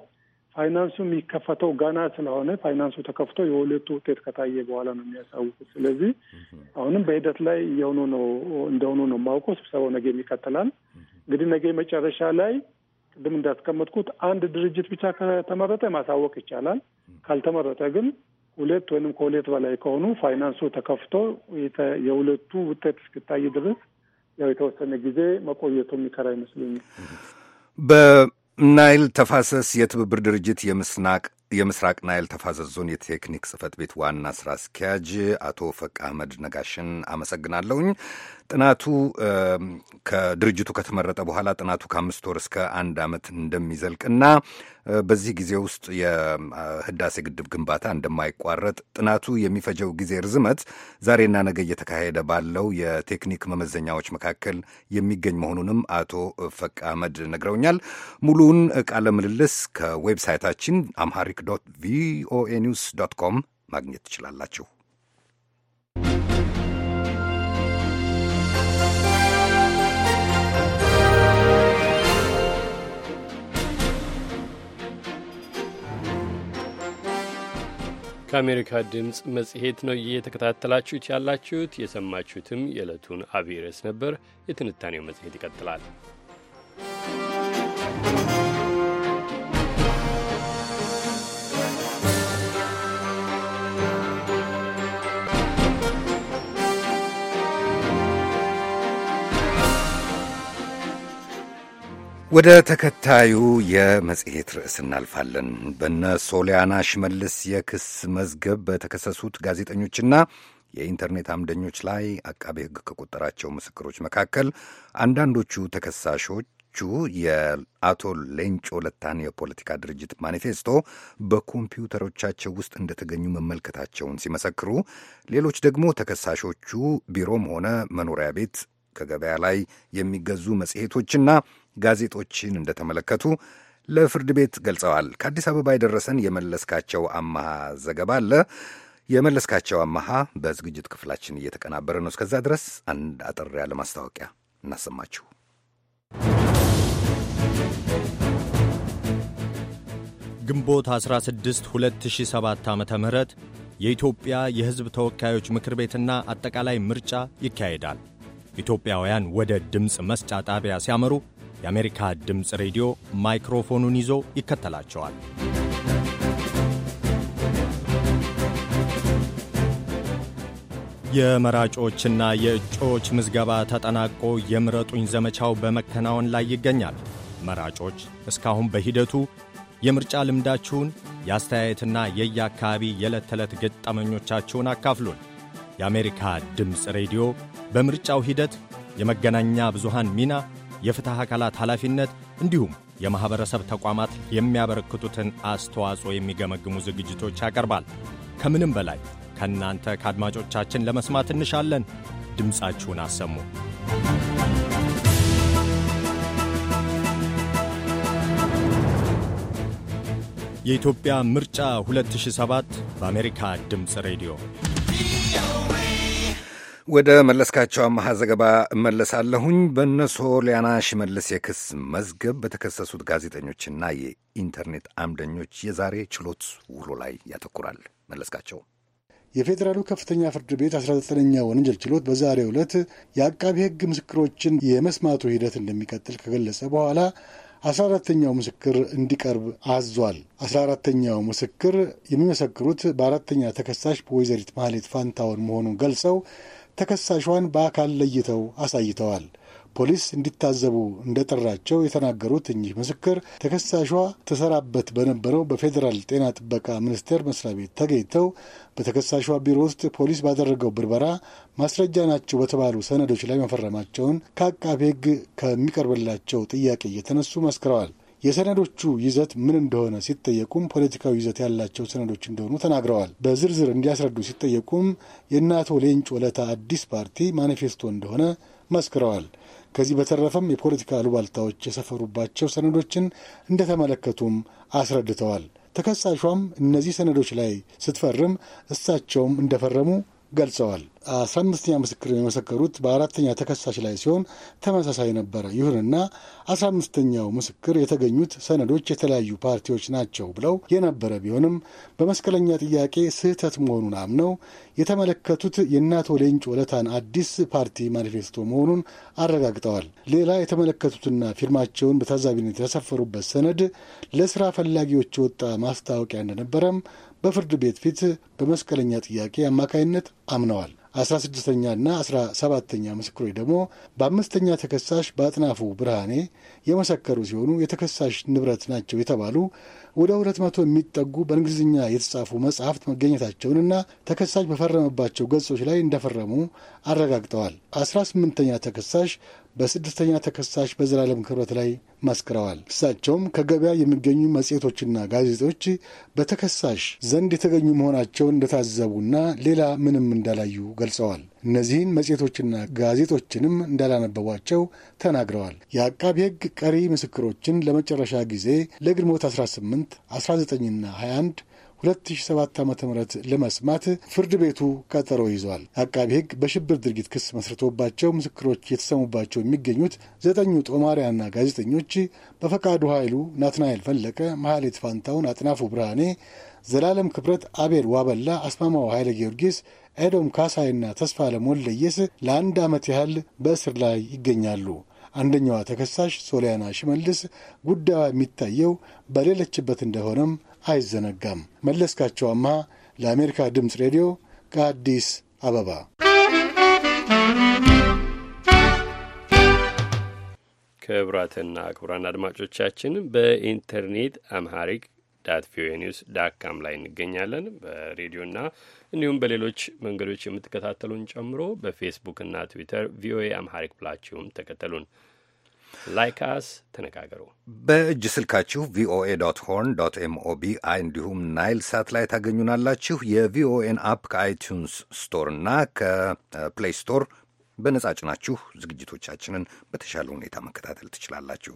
Speaker 3: ፋይናንሱ የሚከፈተው ገና ስለሆነ ፋይናንሱ ተከፍቶ የሁለቱ ውጤት ከታየ በኋላ ነው የሚያሳውቁት። ስለዚህ አሁንም በሂደት ላይ እየሆኑ ነው እንደሆኑ ነው የማውቀው። ስብሰባው ነገም ይቀጥላል። እንግዲህ ነገ መጨረሻ ላይ ቅድም እንዳስቀመጥኩት አንድ ድርጅት ብቻ ከተመረጠ ማሳወቅ ይቻላል። ካልተመረጠ ግን ሁለት ወይም ከሁለት በላይ ከሆኑ ፋይናንሱ ተከፍቶ የሁለቱ ውጤት እስክታይ ድረስ ያው የተወሰነ ጊዜ መቆየቱ የሚከራ ይመስለኛል።
Speaker 2: ናይል ተፋሰስ የትብብር ድርጅት የምስናቅ የምስራቅ ናይል ተፋሰስ ዞን የቴክኒክ ጽህፈት ቤት ዋና ስራ አስኪያጅ አቶ ፈቅ አህመድ ነጋሽን አመሰግናለሁኝ። ጥናቱ ከድርጅቱ ከተመረጠ በኋላ ጥናቱ ከአምስት ወር እስከ አንድ ዓመት እንደሚዘልቅና በዚህ ጊዜ ውስጥ የህዳሴ ግድብ ግንባታ እንደማይቋረጥ ጥናቱ የሚፈጀው ጊዜ ርዝመት ዛሬና ነገ እየተካሄደ ባለው የቴክኒክ መመዘኛዎች መካከል የሚገኝ መሆኑንም አቶ ፈቃ አህመድ ነግረውኛል። ሙሉውን ቃለ ምልልስ ከዌብሳይታችን አምሃሪክ ዶት ቪኦኤ ኒውስ ዶት ኮም ማግኘት ትችላላችሁ።
Speaker 1: ከአሜሪካ ድምፅ መጽሔት ነው እየተከታተላችሁት ያላችሁት። የሰማችሁትም የዕለቱን አብይ ርዕስ ነበር። የትንታኔው መጽሔት ይቀጥላል።
Speaker 2: ወደ ተከታዩ የመጽሔት ርዕስ እናልፋለን። በነ ሶሊያና ሽመልስ የክስ መዝገብ በተከሰሱት ጋዜጠኞችና የኢንተርኔት አምደኞች ላይ አቃቤ ሕግ ከቆጠራቸው ምስክሮች መካከል አንዳንዶቹ ተከሳሾቹ የአቶ ሌንጮ ለታን የፖለቲካ ድርጅት ማኒፌስቶ በኮምፒውተሮቻቸው ውስጥ እንደተገኙ መመልከታቸውን ሲመሰክሩ፣ ሌሎች ደግሞ ተከሳሾቹ ቢሮም ሆነ መኖሪያ ቤት ከገበያ ላይ የሚገዙ መጽሔቶችና ጋዜጦችን እንደተመለከቱ ለፍርድ ቤት ገልጸዋል። ከአዲስ አበባ የደረሰን የመለስካቸው አመሃ ዘገባ አለ። የመለስካቸው አመሃ በዝግጅት ክፍላችን እየተቀናበረ ነው። እስከዛ ድረስ አንድ አጠር ያለ ማስታወቂያ እናሰማችሁ።
Speaker 5: ግንቦት 16 2007 ዓ ም የኢትዮጵያ የሕዝብ ተወካዮች ምክር ቤትና አጠቃላይ ምርጫ ይካሄዳል። ኢትዮጵያውያን ወደ ድምፅ መስጫ ጣቢያ ሲያመሩ የአሜሪካ ድምፅ ሬዲዮ ማይክሮፎኑን ይዞ ይከተላቸዋል። የመራጮችና የእጩዎች ምዝገባ ተጠናቆ የምረጡኝ ዘመቻው በመከናወን ላይ ይገኛል። መራጮች እስካሁን በሂደቱ የምርጫ ልምዳችሁን፣ የአስተያየትና የየአካባቢ የዕለት ተዕለት ገጠመኞቻችሁን አካፍሉን። የአሜሪካ ድምፅ ሬዲዮ በምርጫው ሂደት የመገናኛ ብዙሃን ሚና የፍትሕ አካላት ኃላፊነት እንዲሁም የማኅበረሰብ ተቋማት የሚያበረክቱትን አስተዋጽኦ የሚገመግሙ ዝግጅቶች ያቀርባል። ከምንም በላይ ከእናንተ ከአድማጮቻችን ለመስማት እንሻለን። ድምፃችሁን አሰሙ። የኢትዮጵያ ምርጫ 2007 በአሜሪካ ድምፅ ሬዲዮ ወደ መለስካቸው አመሃ ዘገባ
Speaker 2: እመለሳለሁኝ። በእነ ሶሊያና ሽመልስ የክስ መዝገብ በተከሰሱት ጋዜጠኞችና የኢንተርኔት አምደኞች የዛሬ ችሎት ውሎ ላይ ያተኩራል። መለስካቸው
Speaker 6: የፌዴራሉ ከፍተኛ ፍርድ ቤት 19ኛ ወንጀል ችሎት በዛሬው ዕለት የአቃቢ ሕግ ምስክሮችን የመስማቱ ሂደት እንደሚቀጥል ከገለጸ በኋላ 14ተኛው ምስክር እንዲቀርብ አዟል። 14ተኛው ምስክር የሚመሰክሩት በአራተኛ ተከሳሽ በወይዘሪት ማህሌት ፋንታውን መሆኑን ገልጸው ተከሳሿን በአካል ለይተው አሳይተዋል። ፖሊስ እንዲታዘቡ እንደጠራቸው የተናገሩት እኚህ ምስክር ተከሳሿ ተሰራበት በነበረው በፌዴራል ጤና ጥበቃ ሚኒስቴር መስሪያ ቤት ተገኝተው በተከሳሿ ቢሮ ውስጥ ፖሊስ ባደረገው ብርበራ ማስረጃ ናቸው በተባሉ ሰነዶች ላይ መፈረማቸውን ከአቃቤ ሕግ ከሚቀርብላቸው ጥያቄ እየተነሱ መስክረዋል። የሰነዶቹ ይዘት ምን እንደሆነ ሲጠየቁም ፖለቲካዊ ይዘት ያላቸው ሰነዶች እንደሆኑ ተናግረዋል። በዝርዝር እንዲያስረዱ ሲጠየቁም የእነ አቶ ሌንጮ ለታ አዲስ ፓርቲ ማኒፌስቶ እንደሆነ መስክረዋል። ከዚህ በተረፈም የፖለቲካ አሉባልታዎች የሰፈሩባቸው ሰነዶችን እንደተመለከቱም አስረድተዋል። ተከሳሿም እነዚህ ሰነዶች ላይ ስትፈርም እሳቸውም እንደፈረሙ ገልጸዋል። አስራ አምስተኛ ምስክር የመሰከሩት በአራተኛ ተከሳሽ ላይ ሲሆን ተመሳሳይ ነበረ። ይሁንና አስራ አምስተኛው ምስክር የተገኙት ሰነዶች የተለያዩ ፓርቲዎች ናቸው ብለው የነበረ ቢሆንም በመስቀለኛ ጥያቄ ስህተት መሆኑን አምነው የተመለከቱት የእናቶ ሌንጮ ለታን አዲስ ፓርቲ ማኒፌስቶ መሆኑን አረጋግጠዋል። ሌላ የተመለከቱትና ፊርማቸውን በታዛቢነት የተሰፈሩበት ሰነድ ለስራ ፈላጊዎች የወጣ ማስታወቂያ እንደነበረም በፍርድ ቤት ፊት በመስቀለኛ ጥያቄ አማካይነት አምነዋል። አስራ ስድስተኛ እና አስራ ሰባተኛ ምስክሮች ደግሞ በአምስተኛ ተከሳሽ በአጥናፉ ብርሃኔ የመሰከሩ ሲሆኑ የተከሳሽ ንብረት ናቸው የተባሉ ወደ ሁለት መቶ የሚጠጉ በእንግሊዝኛ የተጻፉ መጽሐፍት መገኘታቸውንና ተከሳሽ በፈረመባቸው ገጾች ላይ እንደፈረሙ አረጋግጠዋል። አስራ ስምንተኛ ተከሳሽ በስድስተኛ ተከሳሽ በዘላለም ክብረት ላይ መስክረዋል። እሳቸውም ከገበያ የሚገኙ መጽሔቶችና ጋዜጦች በተከሳሽ ዘንድ የተገኙ መሆናቸውን እንደታዘቡና ሌላ ምንም እንዳላዩ ገልጸዋል። እነዚህን መጽሔቶችና ጋዜጦችንም እንዳላነበቧቸው ተናግረዋል። የአቃቢ ሕግ ቀሪ ምስክሮችን ለመጨረሻ ጊዜ ለግድሞት 18፣ 19ና 21 2007 ዓ ም ለመስማት ፍርድ ቤቱ ቀጠሮ ይዟል። አቃቢ ሕግ በሽብር ድርጊት ክስ መስርቶባቸው ምስክሮች የተሰሙባቸው የሚገኙት ዘጠኙ ጦማሪያና ጋዜጠኞች በፈቃዱ ኃይሉ፣ ናትናኤል ፈለቀ፣ መሐሌት ፋንታውን፣ አጥናፉ ብርሃኔ፣ ዘላለም ክብረት፣ አቤል ዋበላ፣ አስማማው ኃይለ ጊዮርጊስ ኤዶም ካሳይና ተስፋ ለሞለየስ ለአንድ ዓመት ያህል በእስር ላይ ይገኛሉ። አንደኛዋ ተከሳሽ ሶሊያና ሽመልስ ጉዳዩ የሚታየው በሌለችበት እንደሆነም አይዘነጋም። መለስካቸው አምሃ ለአሜሪካ ድምፅ ሬዲዮ ከአዲስ አበባ።
Speaker 1: ክቡራትና ክቡራን አድማጮቻችን በኢንተርኔት አምሃሪክ ዳት ቪኦኤ ኒውስ ዳት ካም ላይ እንገኛለን። በሬዲዮና እንዲሁም በሌሎች መንገዶች የምትከታተሉን ጨምሮ በፌስቡክና ትዊተር ቪኦኤ አምሃሪክ ብላችሁም ተከተሉን። ላይካስ ተነጋገሩ።
Speaker 2: በእጅ ስልካችሁ ቪኦኤ ዶት ሆርን ዶት እንዲሁም ናይል ሳት ላይ ታገኙናላችሁ። የቪኦኤን አፕ ከአይቱንስ እና ከፕሌይ ስቶር በነጻ ጭናችሁ ዝግጅቶቻችንን በተሻለ ሁኔታ መከታተል ትችላላችሁ።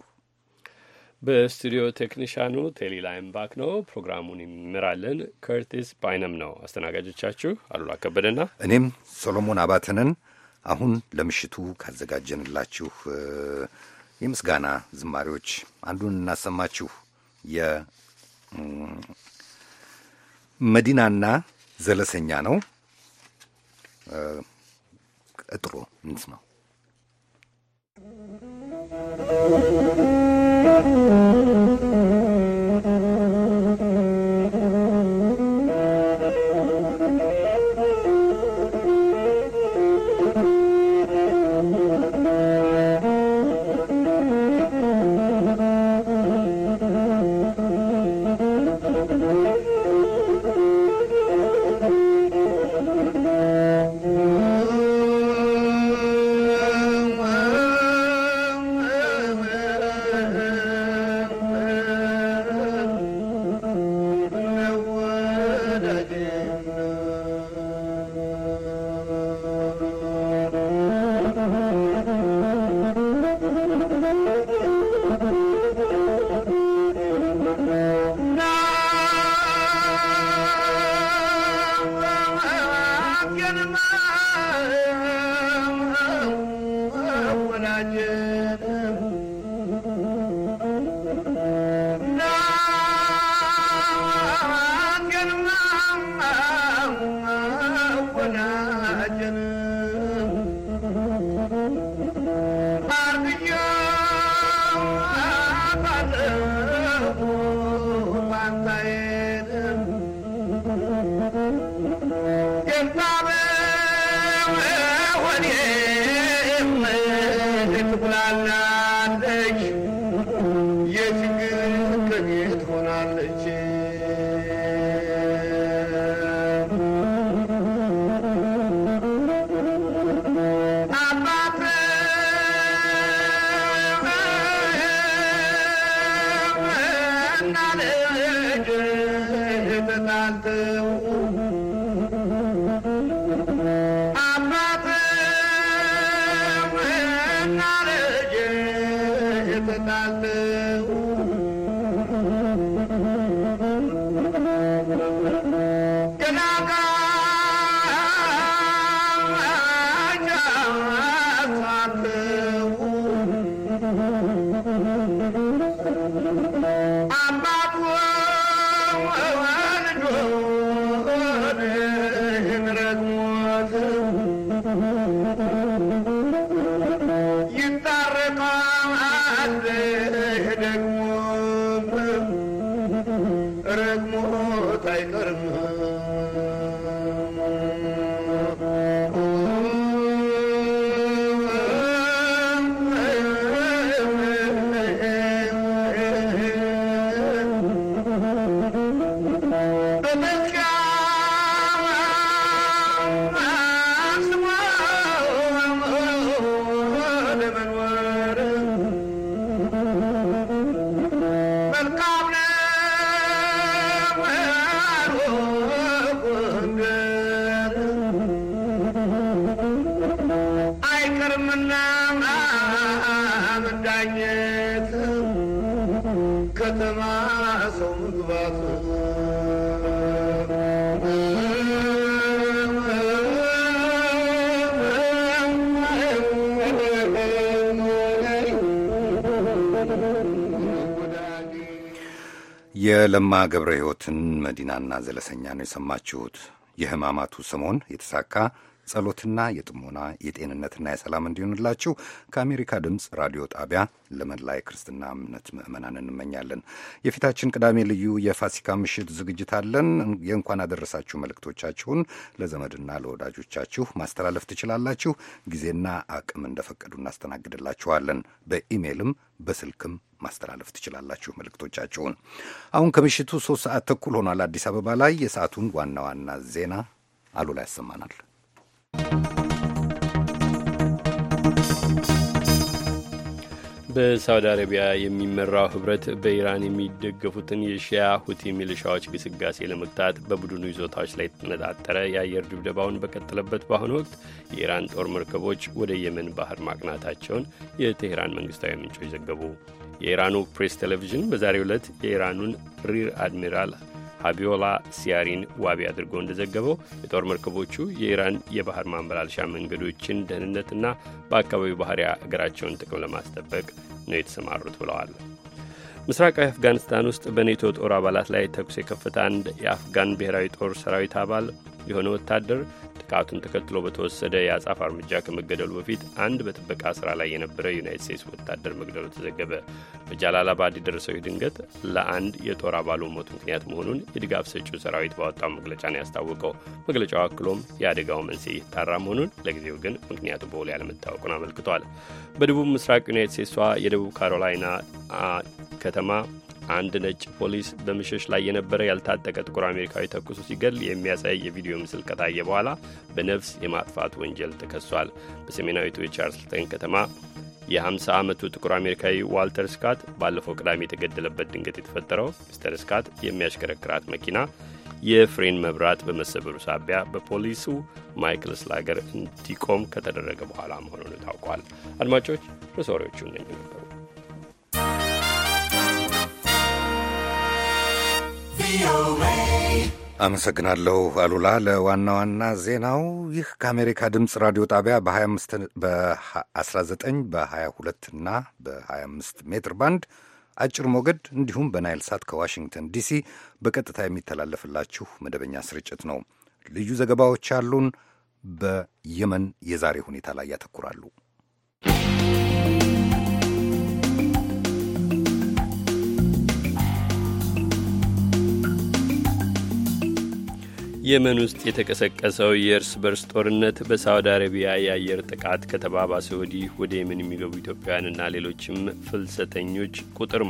Speaker 1: በስቱዲዮ ቴክኒሻኑ ቴሊ ላይምባክ ነው። ፕሮግራሙን የሚመራልን ከርቲስ ባይነም ነው። አስተናጋጆቻችሁ አሉላ ከበደና
Speaker 2: እኔም ሶሎሞን አባተንን። አሁን ለምሽቱ ካዘጋጀንላችሁ የምስጋና ዝማሪዎች አንዱን እናሰማችሁ። የመዲናና ዘለሰኛ ነው። ቀጥሎ እንስማው።
Speaker 7: ነው la la
Speaker 2: የለማ ገብረ ሕይወትን መዲናና ዘለሰኛ ነው የሰማችሁት። የሕማማቱ ሰሞን የተሳካ ጸሎትና የጥሞና የጤንነትና የሰላም እንዲሆንላችሁ ከአሜሪካ ድምፅ ራዲዮ ጣቢያ ለመላ የክርስትና እምነት ምዕመናን እንመኛለን። የፊታችን ቅዳሜ ልዩ የፋሲካ ምሽት ዝግጅት አለን። የእንኳን አደረሳችሁ መልእክቶቻችሁን ለዘመድና ለወዳጆቻችሁ ማስተላለፍ ትችላላችሁ። ጊዜና አቅም እንደፈቀዱ እናስተናግድላችኋለን። በኢሜይልም በስልክም ማስተላለፍ ትችላላችሁ መልእክቶቻችሁን። አሁን ከምሽቱ ሶስት ሰዓት ተኩል ሆኗል። አዲስ አበባ ላይ የሰዓቱን ዋና ዋና ዜና አሉላ ያሰማናል።
Speaker 1: በሳውዲ አረቢያ የሚመራው ህብረት በኢራን የሚደገፉትን የሺያ ሁቲ ሚሊሻዎች ግስጋሴ ለመግታት በቡድኑ ይዞታዎች ላይ የተነጣጠረ የአየር ድብደባውን በቀጠለበት በአሁኑ ወቅት የኢራን ጦር መርከቦች ወደ የመን ባህር ማቅናታቸውን የቴሄራን መንግስታዊ ምንጮች ዘገቡ። የኢራኑ ፕሬስ ቴሌቪዥን በዛሬው ዕለት የኢራኑን ሪር አድሚራል ሀቢዮላ ሲያሪን ዋቢ አድርጎ እንደዘገበው የጦር መርከቦቹ የኢራን የባህር ማመላለሻ መንገዶችን ደህንነትና በአካባቢው ባህሪያ ሀገራቸውን ጥቅም ለማስጠበቅ ነው የተሰማሩት ብለዋል። ምስራቃዊ አፍጋኒስታን ውስጥ በኔቶ ጦር አባላት ላይ ተኩስ የከፈተ አንድ የአፍጋን ብሔራዊ ጦር ሰራዊት አባል የሆነ ወታደር ጥቃቱን ተከትሎ በተወሰደ የአጻፋ እርምጃ ከመገደሉ በፊት አንድ በጥበቃ ስራ ላይ የነበረ ዩናይት ስቴትስ ወታደር መግደሉ ተዘገበ። በጃላላባድ የደረሰው ድንገት ለአንድ የጦር አባሉ ሞት ምክንያት መሆኑን የድጋፍ ሰጪው ሰራዊት ባወጣው መግለጫ ነው ያስታወቀው። መግለጫው አክሎም የአደጋው መንስኤ ታራ መሆኑን፣ ለጊዜው ግን ምክንያቱ በውል ያለመታወቁን አመልክቷል። በደቡብ ምስራቅ ዩናይት ስቴትሷ የደቡብ ካሮላይና ከተማ አንድ ነጭ ፖሊስ በመሸሽ ላይ የነበረ ያልታጠቀ ጥቁር አሜሪካዊ ተኩሶ ሲገል የሚያሳይ የቪዲዮ ምስል ከታየ በኋላ በነፍስ የማጥፋት ወንጀል ተከሷል። በሰሜናዊቱ የቻርልስተን ከተማ የ50 ዓመቱ ጥቁር አሜሪካዊ ዋልተር ስካት ባለፈው ቅዳሜ የተገደለበት ድንገት የተፈጠረው ሚስተር ስካት የሚያሽከረክራት መኪና የፍሬን መብራት በመሰበሩ ሳቢያ በፖሊሱ ማይክል ስላገር እንዲቆም ከተደረገ በኋላ መሆኑን ታውቋል። አድማጮች፣ ርዕሰ ወሬዎቹ ነበሩ።
Speaker 2: አመሰግናለሁ አሉላ ለዋና ዋና ዜናው። ይህ ከአሜሪካ ድምፅ ራዲዮ ጣቢያ በ በ19 በ22 እና በ25 ሜትር ባንድ አጭር ሞገድ እንዲሁም በናይል ሳት ከዋሽንግተን ዲሲ በቀጥታ የሚተላለፍላችሁ መደበኛ ስርጭት ነው። ልዩ ዘገባዎች ያሉን በየመን የዛሬ ሁኔታ ላይ ያተኩራሉ።
Speaker 1: የመን ውስጥ የተቀሰቀሰው የእርስ በርስ ጦርነት በሳውዲ አረቢያ የአየር ጥቃት ከተባባሰ ወዲህ ወደ የመን የሚገቡ ኢትዮጵያውያንና ሌሎችም ፍልሰተኞች ቁጥር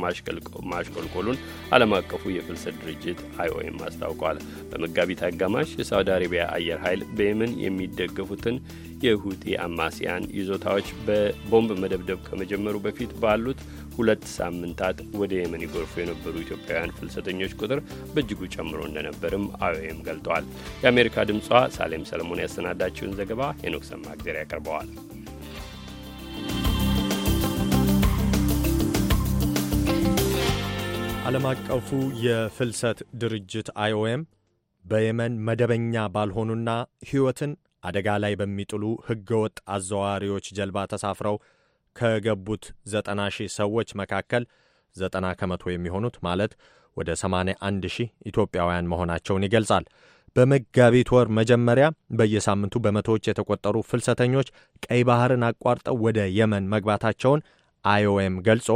Speaker 1: ማሽቆልቆሉን ዓለም አቀፉ የፍልሰት ድርጅት አይኦኤም አስታውቋል። በመጋቢት አጋማሽ የሳውዲ አረቢያ አየር ኃይል በየመን የሚደገፉትን የሁቲ አማሲያን ይዞታዎች በቦምብ መደብደብ ከመጀመሩ በፊት ባሉት ሁለት ሳምንታት ወደ የመን ይጎርፉ የነበሩ ኢትዮጵያውያን ፍልሰተኞች ቁጥር በእጅጉ ጨምሮ እንደነበርም አይኦኤም ገልጠዋል። የአሜሪካ ድምጿ ሳሌም ሰለሞን ያሰናዳችውን ዘገባ ሄኖክ ሰማእግዜር ያቀርበዋል።
Speaker 5: ዓለም አቀፉ የፍልሰት ድርጅት አይኦኤም በየመን መደበኛ ባልሆኑና ሕይወትን አደጋ ላይ በሚጥሉ ሕገወጥ አዘዋዋሪዎች ጀልባ ተሳፍረው ከገቡት 90 ሺህ ሰዎች መካከል 90 ከመቶ የሚሆኑት ማለት ወደ 81 ሺህ ኢትዮጵያውያን መሆናቸውን ይገልጻል። በመጋቢት ወር መጀመሪያ በየሳምንቱ በመቶዎች የተቆጠሩ ፍልሰተኞች ቀይ ባህርን አቋርጠው ወደ የመን መግባታቸውን አይኦኤም ገልጾ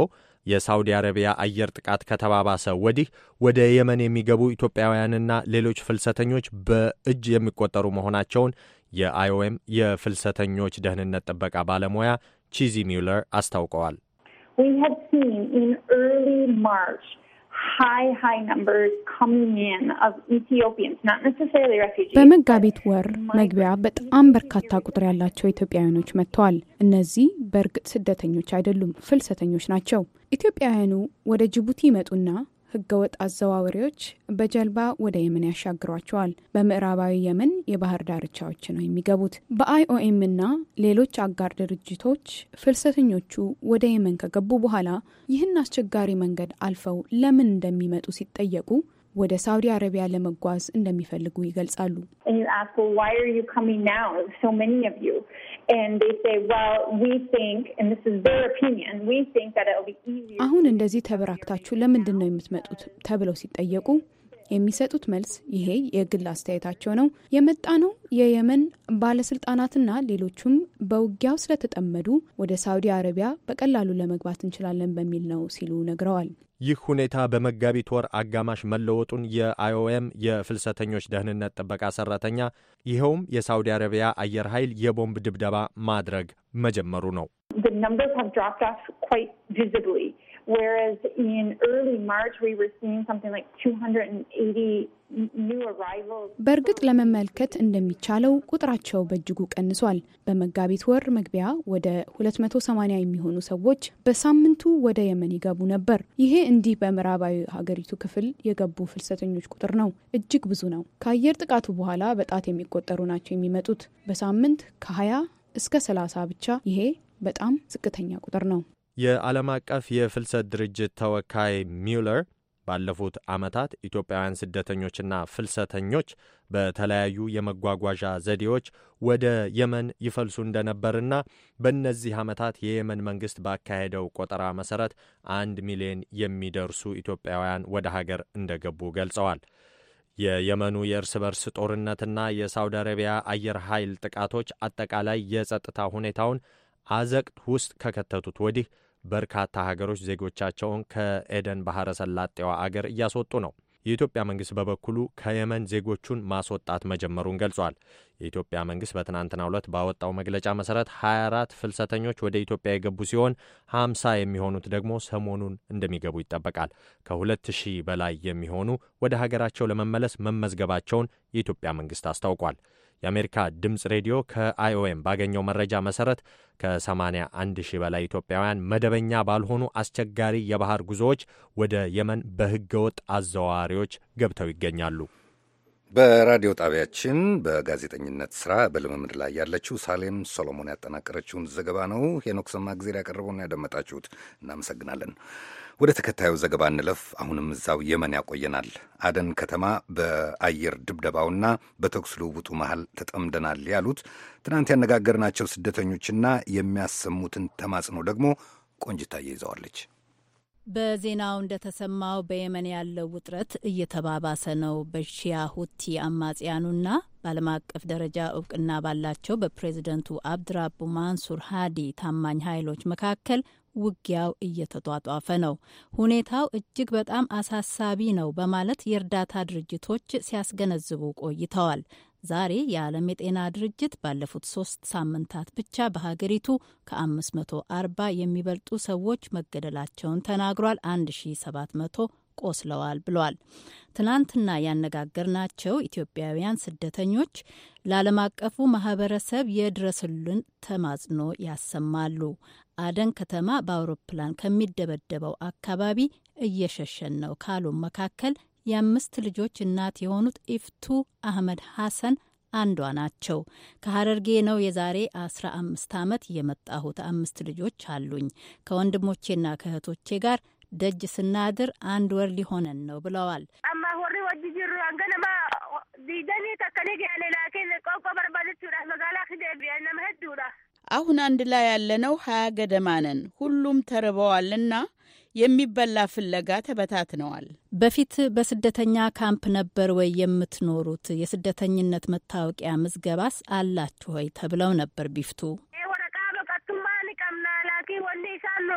Speaker 5: የሳውዲ አረቢያ አየር ጥቃት ከተባባሰ ወዲህ ወደ የመን የሚገቡ ኢትዮጵያውያንና ሌሎች ፍልሰተኞች በእጅ የሚቆጠሩ መሆናቸውን የአይኦኤም የፍልሰተኞች ደህንነት ጥበቃ ባለሙያ ቺዚ ሚውለር አስታውቀዋል።
Speaker 3: በመጋቢት
Speaker 8: ወር መግቢያ በጣም በርካታ ቁጥር ያላቸው ኢትዮጵያውያኖች መጥተዋል። እነዚህ በእርግጥ ስደተኞች አይደሉም፣ ፍልሰተኞች ናቸው። ኢትዮጵያውያኑ ወደ ጅቡቲ ይመጡና ህገወጥ አዘዋወሪዎች በጀልባ ወደ የመን ያሻግሯቸዋል። በምዕራባዊ የመን የባህር ዳርቻዎች ነው የሚገቡት። በአይኦኤም እና ሌሎች አጋር ድርጅቶች ፍልሰተኞቹ ወደ የመን ከገቡ በኋላ ይህን አስቸጋሪ መንገድ አልፈው ለምን እንደሚመጡ ሲጠየቁ ወደ ሳውዲ አረቢያ ለመጓዝ እንደሚፈልጉ ይገልጻሉ። አሁን እንደዚህ ተበራክታችሁ ለምንድን ነው የምትመጡት ተብለው ሲጠየቁ የሚሰጡት መልስ ይሄ የግል አስተያየታቸው ነው የመጣ ነው የየመን ባለስልጣናትና ሌሎቹም በውጊያው ስለተጠመዱ ወደ ሳውዲ አረቢያ በቀላሉ ለመግባት እንችላለን በሚል ነው ሲሉ ነግረዋል።
Speaker 5: ይህ ሁኔታ በመጋቢት ወር አጋማሽ መለወጡን የአይኦኤም የፍልሰተኞች ደህንነት ጥበቃ ሰራተኛ ይኸውም የሳውዲ አረቢያ አየር ኃይል የቦምብ ድብደባ ማድረግ መጀመሩ ነው።
Speaker 3: Whereas in early March we were seeing something like 280
Speaker 8: በእርግጥ ለመመልከት እንደሚቻለው ቁጥራቸው በእጅጉ ቀንሷል። በመጋቢት ወር መግቢያ ወደ 280 የሚሆኑ ሰዎች በሳምንቱ ወደ የመን ይገቡ ነበር። ይሄ እንዲህ በምዕራባዊ ሀገሪቱ ክፍል የገቡ ፍልሰተኞች ቁጥር ነው። እጅግ ብዙ ነው። ከአየር ጥቃቱ በኋላ በጣት የሚቆጠሩ ናቸው የሚመጡት፣ በሳምንት ከ20 እስከ 30 ብቻ። ይሄ በጣም ዝቅተኛ ቁጥር ነው።
Speaker 5: የዓለም አቀፍ የፍልሰት ድርጅት ተወካይ ሚውለር ባለፉት ዓመታት ኢትዮጵያውያን ስደተኞችና ፍልሰተኞች በተለያዩ የመጓጓዣ ዘዴዎች ወደ የመን ይፈልሱ እንደነበርና በእነዚህ ዓመታት የየመን መንግሥት ባካሄደው ቆጠራ መሠረት አንድ ሚሊዮን የሚደርሱ ኢትዮጵያውያን ወደ ሀገር እንደገቡ ገልጸዋል። የየመኑ የእርስ በርስ ጦርነትና የሳውዲ አረቢያ አየር ኃይል ጥቃቶች አጠቃላይ የጸጥታ ሁኔታውን አዘቅት ውስጥ ከከተቱት ወዲህ በርካታ ሀገሮች ዜጎቻቸውን ከኤደን ባህረ ሰላጤዋ አገር እያስወጡ ነው። የኢትዮጵያ መንግስት በበኩሉ ከየመን ዜጎቹን ማስወጣት መጀመሩን ገልጿል። የኢትዮጵያ መንግስት በትናንትናው ዕለት ባወጣው መግለጫ መሰረት 24 ፍልሰተኞች ወደ ኢትዮጵያ የገቡ ሲሆን 50 የሚሆኑት ደግሞ ሰሞኑን እንደሚገቡ ይጠበቃል። ከ ሺህ በላይ የሚሆኑ ወደ ሀገራቸው ለመመለስ መመዝገባቸውን የኢትዮጵያ መንግስት አስታውቋል። የአሜሪካ ድምፅ ሬዲዮ ከአይኦኤም ባገኘው መረጃ መሰረት ከ81 ሺህ በላይ ኢትዮጵያውያን መደበኛ ባልሆኑ አስቸጋሪ የባህር ጉዞዎች ወደ የመን በሕገወጥ አዘዋዋሪዎች ገብተው ይገኛሉ።
Speaker 2: በራዲዮ ጣቢያችን በጋዜጠኝነት ስራ በልምምድ ላይ ያለችው ሳሌም ሶሎሞን ያጠናቀረችውን ዘገባ ነው ሄኖክ ጊዜ ያቀረበውና ያደመጣችሁት። እናመሰግናለን። ወደ ተከታዩ ዘገባ እንለፍ። አሁንም እዛው የመን ያቆየናል። አደን ከተማ በአየር ድብደባውና በተኩስ ልውውጡ መሃል ተጠምደናል ያሉት ትናንት ያነጋገርናቸው ስደተኞችና የሚያሰሙትን ተማጽኖ ደግሞ ቆንጅታዬ ይዘዋለች።
Speaker 9: በዜናው እንደተሰማው በየመን ያለው ውጥረት እየተባባሰ ነው። በሺያ ሁቲ አማጽያኑና በዓለም አቀፍ ደረጃ እውቅና ባላቸው በፕሬዝደንቱ አብድራቡ ማንሱር ሃዲ ታማኝ ኃይሎች መካከል ውጊያው እየተጧጧፈ ነው፣ ሁኔታው እጅግ በጣም አሳሳቢ ነው በማለት የእርዳታ ድርጅቶች ሲያስገነዝቡ ቆይተዋል። ዛሬ የዓለም የጤና ድርጅት ባለፉት ሶስት ሳምንታት ብቻ በሀገሪቱ ከ540 የሚበልጡ ሰዎች መገደላቸውን ተናግሯል። 1700 ቆስለዋል ብሏል። ትናንትና ያነጋገርናቸው ኢትዮጵያውያን ስደተኞች ለዓለም አቀፉ ማህበረሰብ የድረስልን ተማጽኖ ያሰማሉ። አደን ከተማ በአውሮፕላን ከሚደበደበው አካባቢ እየሸሸን ነው ካሉም መካከል የአምስት ልጆች እናት የሆኑት ኢፍቱ አህመድ ሐሰን አንዷ ናቸው። ከሀረርጌ ነው የዛሬ አስራ አምስት ዓመት የመጣሁት። አምስት ልጆች አሉኝ። ከወንድሞቼና ከእህቶቼ ጋር ደጅ ስናድር አንድ ወር ሊሆነን ነው ብለዋል። አሁን አንድ ላይ ያለነው ሀያ ገደማ ነን። ሁሉም ተርበዋልና የሚበላ ፍለጋ ተበታትነዋል። በፊት በስደተኛ ካምፕ ነበር ወይ የምትኖሩት? የስደተኝነት መታወቂያ ምዝገባስ አላችሁ ሆይ ተብለው ነበር ቢፍቱ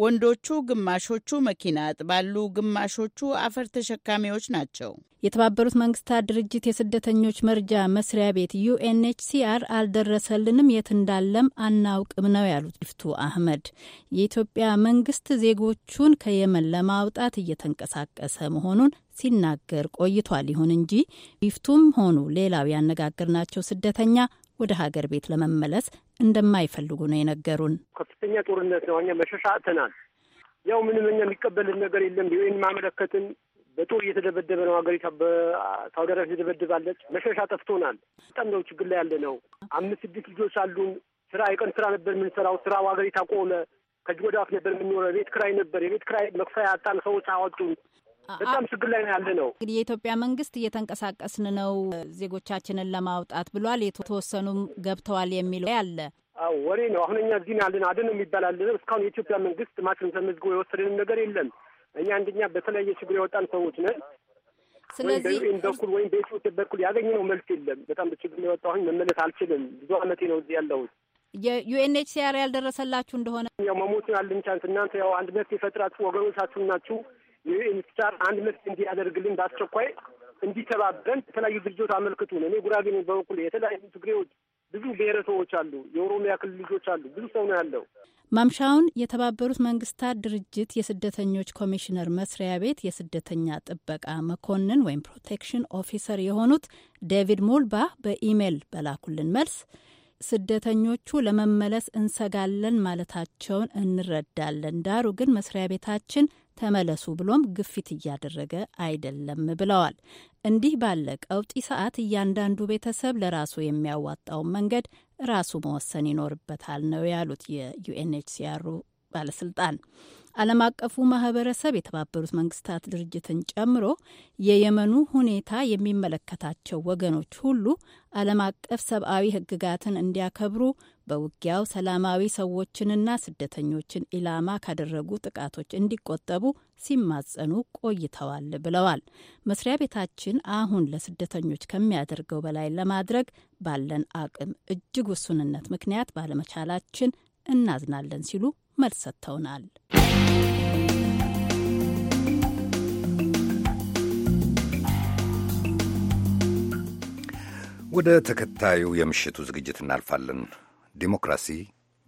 Speaker 9: ወንዶቹ ግማሾቹ መኪና ያጥባሉ፣ ግማሾቹ አፈር ተሸካሚዎች ናቸው። የተባበሩት መንግስታት ድርጅት የስደተኞች መርጃ መስሪያ ቤት ዩኤንኤችሲአር አልደረሰልንም፣ የት እንዳለም አናውቅም ነው ያሉት ይፍቱ አህመድ። የኢትዮጵያ መንግስት ዜጎቹን ከየመን ለማውጣት እየተንቀሳቀሰ መሆኑን ሲናገር ቆይቷል። ይሁን እንጂ ይፍቱም ሆኑ ሌላው ያነጋገርናቸው ስደተኛ ወደ ሀገር ቤት ለመመለስ እንደማይፈልጉ ነው የነገሩን።
Speaker 10: ከፍተኛ ጦርነት ነው። እኛ መሸሻ አጥተናል። ያው ምንም እኛ የሚቀበልን ነገር የለም። ዩኤን ማመለከትን በጦር እየተደበደበ ነው ሀገሪቷ። በታውዳራሽ የተደበደባለች። መሸሻ ጠፍቶናል። በጣም ነው ችግር ላይ ያለ ነው። አምስት ስድስት ልጆች አሉን። ስራ የቀን ስራ ነበር የምንሰራው። ስራ ሀገሪቷ ቆመ። ከጅ ወደ አፍ ነበር የምንኖረው። የቤት ክራይ ነበር። የቤት ክራይ መክፈያ ያጣን ሰዎች አወጡን። በጣም ችግር ላይ ያለ ነው።
Speaker 9: እንግዲህ የኢትዮጵያ መንግስት እየተንቀሳቀስን ነው ዜጎቻችንን ለማውጣት ብሏል። የተወሰኑም ገብተዋል የሚለው አለ።
Speaker 10: አዎ ወሬ ነው። አሁን እኛ እዚህ ያለን አድን የሚባል አለ ነው። እስካሁን የኢትዮጵያ መንግስት ማሽን ተመዝግቦ የወሰደንም ነገር የለም። እኛ አንደኛ በተለያየ ችግር የወጣን ሰዎች ነን። ስለዚህ ወይም በኩል ወይም በኢትዮጵያ በኩል ያገኘነው መልስ የለም። በጣም በችግር ነው የወጣሁኝ። መመለስ አልችልም። ብዙ አመቴ ነው እዚህ ያለሁት።
Speaker 9: የዩኤንኤችሲአር ያልደረሰላችሁ እንደሆነ
Speaker 10: ያው መሞት ያለን ቻንስ እናንተ ያው አንድ መፍትሄ ፈጥራችሁ ወገኖቻችሁ ናችሁ ይህ ኢንስታር አንድ መፍትሄ እንዲያደርግልን በአስቸኳይ እንዲተባበረን የተለያዩ ድርጅቶች አመልክቱ ነው። እኔ ጉራጌ ነኝ በበኩል የተለያዩ ትግሬዎች ብዙ ብሔረሰቦች አሉ። የኦሮሚያ ክልል ልጆች አሉ። ብዙ ሰው ነው ያለው።
Speaker 9: ማምሻውን የተባበሩት መንግስታት ድርጅት የስደተኞች ኮሚሽነር መስሪያ ቤት የስደተኛ ጥበቃ መኮንን ወይም ፕሮቴክሽን ኦፊሰር የሆኑት ዴቪድ ሞልባ በኢሜይል በላኩልን መልስ ስደተኞቹ ለመመለስ እንሰጋለን ማለታቸውን እንረዳለን። ዳሩ ግን መስሪያ ቤታችን ተመለሱ ብሎም ግፊት እያደረገ አይደለም ብለዋል። እንዲህ ባለ ቀውጢ ሰዓት እያንዳንዱ ቤተሰብ ለራሱ የሚያዋጣውን መንገድ ራሱ መወሰን ይኖርበታል ነው ያሉት የዩኤንኤችሲአሩ ባለስልጣን ዓለም አቀፉ ማህበረሰብ የተባበሩት መንግስታት ድርጅትን ጨምሮ የየመኑ ሁኔታ የሚመለከታቸው ወገኖች ሁሉ ዓለም አቀፍ ሰብአዊ ህግጋትን እንዲያከብሩ በውጊያው ሰላማዊ ሰዎችንና ስደተኞችን ኢላማ ካደረጉ ጥቃቶች እንዲቆጠቡ ሲማጸኑ ቆይተዋል ብለዋል። መስሪያ ቤታችን አሁን ለስደተኞች ከሚያደርገው በላይ ለማድረግ ባለን አቅም እጅግ ውሱንነት ምክንያት ባለመቻላችን እናዝናለን ሲሉ መልስ ሰጥተውናል።
Speaker 2: ወደ ተከታዩ የምሽቱ ዝግጅት እናልፋለን። ዲሞክራሲ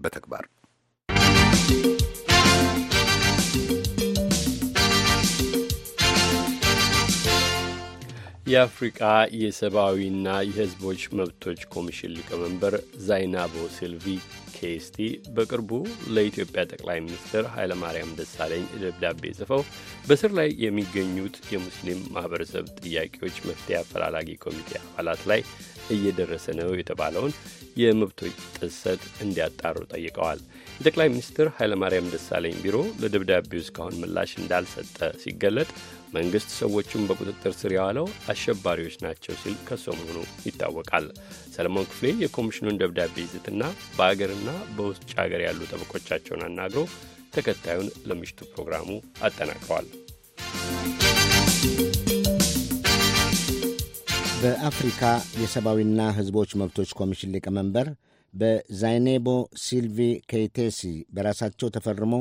Speaker 1: በተግባር የአፍሪቃ የሰብአዊና የሕዝቦች መብቶች ኮሚሽን ሊቀመንበር ዛይናቦ ሲልቪ ኬስቲ በቅርቡ ለኢትዮጵያ ጠቅላይ ሚኒስትር ኃይለማርያም ደሳለኝ ደብዳቤ ጽፈው በስር ላይ የሚገኙት የሙስሊም ማህበረሰብ ጥያቄዎች መፍትሄ አፈላላጊ ኮሚቴ አባላት ላይ እየደረሰ ነው የተባለውን የመብቶች ጥሰት እንዲያጣሩ ጠይቀዋል። የጠቅላይ ሚኒስትር ኃይለማርያም ደሳለኝ ቢሮ ለደብዳቤው እስካሁን ምላሽ እንዳልሰጠ ሲገለጥ መንግሥት ሰዎቹን በቁጥጥር ስር የዋለው አሸባሪዎች ናቸው ሲል ከሶ መሆኑ ይታወቃል። ሰለሞን ክፍሌ የኮሚሽኑን ደብዳቤ ይዘትና በአገርና በውጭ አገር ያሉ ጠበቆቻቸውን አናግሮ ተከታዩን ለምሽቱ ፕሮግራሙ አጠናቅረዋል።
Speaker 11: በአፍሪካ የሰብአዊና ሕዝቦች መብቶች ኮሚሽን ሊቀመንበር በዛይኔቦ ሲልቪ ኬይቴሲ በራሳቸው ተፈርሞ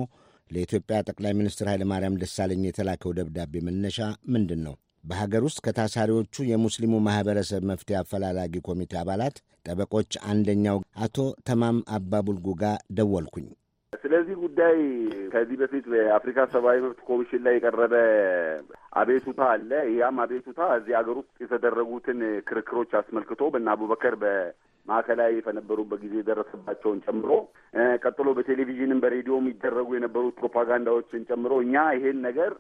Speaker 11: ለኢትዮጵያ ጠቅላይ ሚኒስትር ኃይለማርያም ደሳለኝ የተላከው ደብዳቤ መነሻ ምንድን ነው? በሀገር ውስጥ ከታሳሪዎቹ የሙስሊሙ ማኅበረሰብ መፍትሄ አፈላላጊ ኮሚቴ አባላት ጠበቆች አንደኛው አቶ ተማም አባቡልጉ ጋር ደወልኩኝ።
Speaker 12: ስለዚህ ጉዳይ ከዚህ በፊት በአፍሪካ ሰብአዊ መብት ኮሚሽን ላይ የቀረበ አቤቱታ አለ። ያም አቤቱታ እዚህ ሀገር ውስጥ የተደረጉትን ክርክሮች አስመልክቶ በእነ አቡበከር ማዕከላዊ በነበሩበት ጊዜ የደረሰባቸውን ጨምሮ ቀጥሎ በቴሌቪዥንም በሬዲዮም ይደረጉ የነበሩት ፕሮፓጋንዳዎችን ጨምሮ እኛ ይሄን ነገር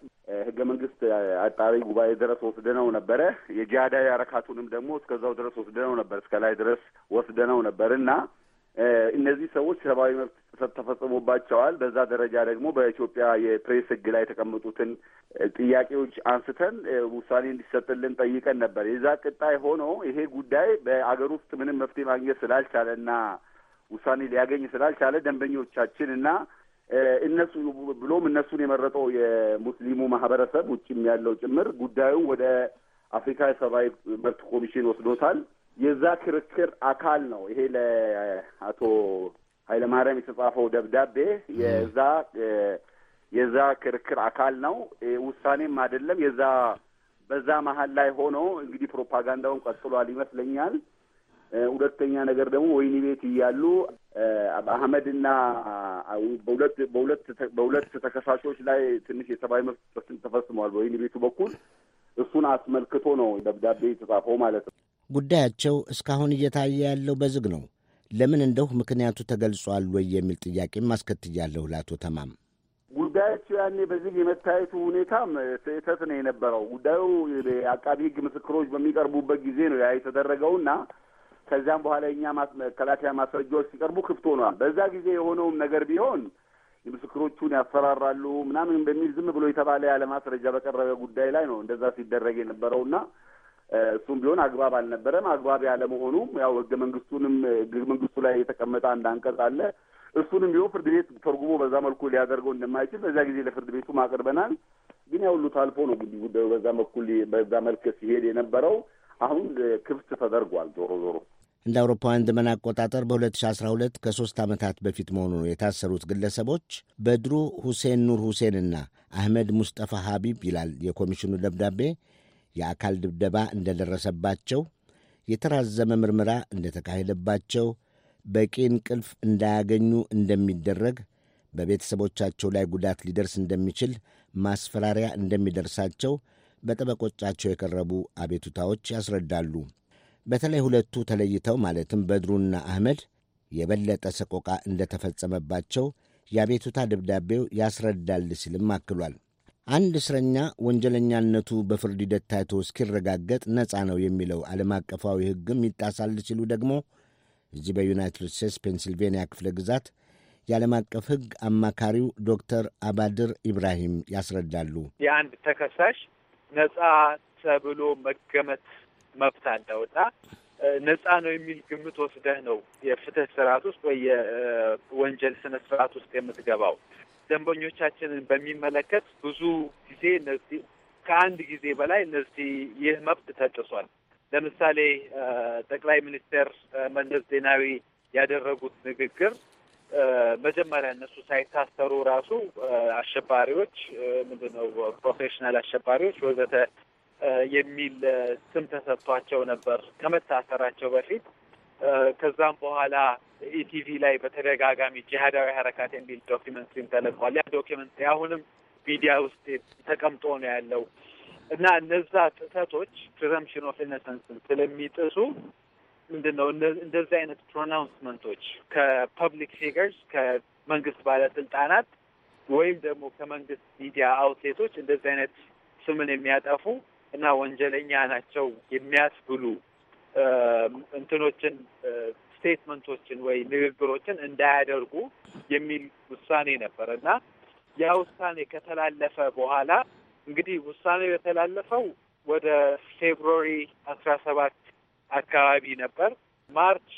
Speaker 12: ህገ መንግስት አጣሪ ጉባኤ ድረስ ወስደነው ነበረ። የጂሃዳዊ አረካቱንም ደግሞ እስከዛው ድረስ ወስደነው ነበር፣ እስከላይ ድረስ ወስደነው ነበር እና እነዚህ ሰዎች ሰብአዊ መብት ጥሰት ተፈጽሞባቸዋል። በዛ ደረጃ ደግሞ በኢትዮጵያ የፕሬስ ሕግ ላይ የተቀመጡትን ጥያቄዎች አንስተን ውሳኔ እንዲሰጥልን ጠይቀን ነበር። የዛ ቅጣይ ሆኖ ይሄ ጉዳይ በአገር ውስጥ ምንም መፍትሄ ማግኘት ስላልቻለ እና ውሳኔ ሊያገኝ ስላልቻለ ደንበኞቻችን እና እነሱ ብሎም እነሱን የመረጠው የሙስሊሙ ማህበረሰብ ውጭም ያለው ጭምር ጉዳዩ ወደ አፍሪካ የሰብአዊ መብት ኮሚሽን ወስዶታል። የዛ ክርክር አካል ነው ይሄ ለአቶ ኃይለማርያም የተጻፈው ደብዳቤ የዛ የዛ ክርክር አካል ነው። ውሳኔም አይደለም። የዛ በዛ መሀል ላይ ሆኖ እንግዲህ ፕሮፓጋንዳውን ቀጥሏል ይመስለኛል። ሁለተኛ ነገር ደግሞ ወይኒ ቤት እያሉ አህመድና በሁለት በሁለት በሁለት ተከሳሾች ላይ ትንሽ የሰብአዊ መብት ጥሰት በወይኒ ቤቱ በኩል እሱን አስመልክቶ ነው ደብዳቤ የተጻፈው ማለት ነው።
Speaker 11: ጉዳያቸው እስካሁን እየታየ ያለው በዝግ ነው። ለምን እንደሁ ምክንያቱ ተገልጿል ወይ የሚል ጥያቄም አስከትያለሁ ለአቶ ተማም።
Speaker 12: ጉዳያቸው ያኔ በዚህ የመታየቱ ሁኔታም ስህተት ነው የነበረው። ጉዳዩ አቃቢ ሕግ ምስክሮች በሚቀርቡበት ጊዜ ነው ያ የተደረገውና ከዚያም በኋላ የኛ መከላከያ ማስረጃዎች ሲቀርቡ ክፍት ሆኗል። በዛ ጊዜ የሆነውም ነገር ቢሆን ምስክሮቹን ያፈራራሉ ምናምን በሚል ዝም ብሎ የተባለ ያለ ማስረጃ በቀረበ ጉዳይ ላይ ነው እንደዛ ሲደረግ የነበረውና እሱም ቢሆን አግባብ አልነበረም። አግባብ ያለመሆኑም ያው ህገ መንግስቱንም ህገ መንግስቱ ላይ የተቀመጠ አንድ አንቀጽ አለ። እሱንም ቢሆን ፍርድ ቤት ተርጉሞ በዛ መልኩ ሊያደርገው እንደማይችል በዛ ጊዜ ለፍርድ ቤቱ አቅርበናል። ግን ያው ሁሉ ታልፎ ነው እንግዲህ ጉዳዩ በዛ በኩል በዛ መልክ ሲሄድ የነበረው አሁን ክፍት ተደርጓል። ዞሮ ዞሮ
Speaker 11: እንደ አውሮፓውያን ዘመን አቆጣጠር በ2012 ከሦስት ዓመታት በፊት መሆኑ ነው የታሰሩት ግለሰቦች በድሩ ሁሴን ኑር ሁሴንና አህመድ ሙስጠፋ ሀቢብ ይላል የኮሚሽኑ ደብዳቤ የአካል ድብደባ እንደደረሰባቸው፣ የተራዘመ ምርመራ እንደተካሄደባቸው፣ በቂ እንቅልፍ እንዳያገኙ እንደሚደረግ፣ በቤተሰቦቻቸው ላይ ጉዳት ሊደርስ እንደሚችል ማስፈራሪያ እንደሚደርሳቸው በጠበቆቻቸው የቀረቡ አቤቱታዎች ያስረዳሉ። በተለይ ሁለቱ ተለይተው ማለትም በድሩና አህመድ የበለጠ ሰቆቃ እንደተፈጸመባቸው የአቤቱታ ደብዳቤው ያስረዳል ሲልም አክሏል። አንድ እስረኛ ወንጀለኛነቱ በፍርድ ሂደት ታይቶ እስኪረጋገጥ ነፃ ነው የሚለው ዓለም አቀፋዊ ሕግም ይጣሳል ሲሉ ደግሞ እዚህ በዩናይትድ ስቴትስ ፔንሲልቬንያ ክፍለ ግዛት የዓለም አቀፍ ሕግ አማካሪው ዶክተር አባድር ኢብራሂም ያስረዳሉ።
Speaker 13: የአንድ ተከሳሽ ነፃ ተብሎ መገመት መብት አለውና ነፃ ነው የሚል ግምት ወስደህ ነው የፍትህ ስርዓት ውስጥ ወይ የወንጀል ስነ ስርዓት ውስጥ የምትገባው። ደንበኞቻችንን በሚመለከት ብዙ ጊዜ እነዚህ ከአንድ ጊዜ በላይ እነዚህ ይህ መብት ተጥሷል። ለምሳሌ ጠቅላይ ሚኒስትር መለስ ዜናዊ ያደረጉት ንግግር መጀመሪያ እነሱ ሳይታሰሩ ራሱ አሸባሪዎች ምንድን ነው ፕሮፌሽናል አሸባሪዎች ወዘተ የሚል ስም ተሰጥቷቸው ነበር ከመታሰራቸው በፊት። ከዛም በኋላ ኢቲቪ ላይ በተደጋጋሚ ጂሃዳዊ ሀረካት የሚል ዶኪመንትሪም ተለቋል። ያ ዶኪመንትሪ አሁንም ሚዲያ ውስጥ ተቀምጦ ነው ያለው እና እነዛ ጥሰቶች ፕሪዘምፕሽን ኦፍ ኢነሰንስን ስለሚጥሱ ምንድን ነው እንደዚህ አይነት ፕሮናውንስመንቶች ከፐብሊክ ፊገርስ ከመንግስት ባለስልጣናት ወይም ደግሞ ከመንግስት ሚዲያ አውትሌቶች እንደዚህ አይነት ስምን የሚያጠፉ እና ወንጀለኛ ናቸው የሚያስብሉ እንትኖችን ስቴትመንቶችን ወይ ንግግሮችን እንዳያደርጉ የሚል ውሳኔ ነበር እና ያ ውሳኔ ከተላለፈ በኋላ እንግዲህ ውሳኔው የተላለፈው ወደ ፌብሩዋሪ አስራ ሰባት አካባቢ ነበር። ማርች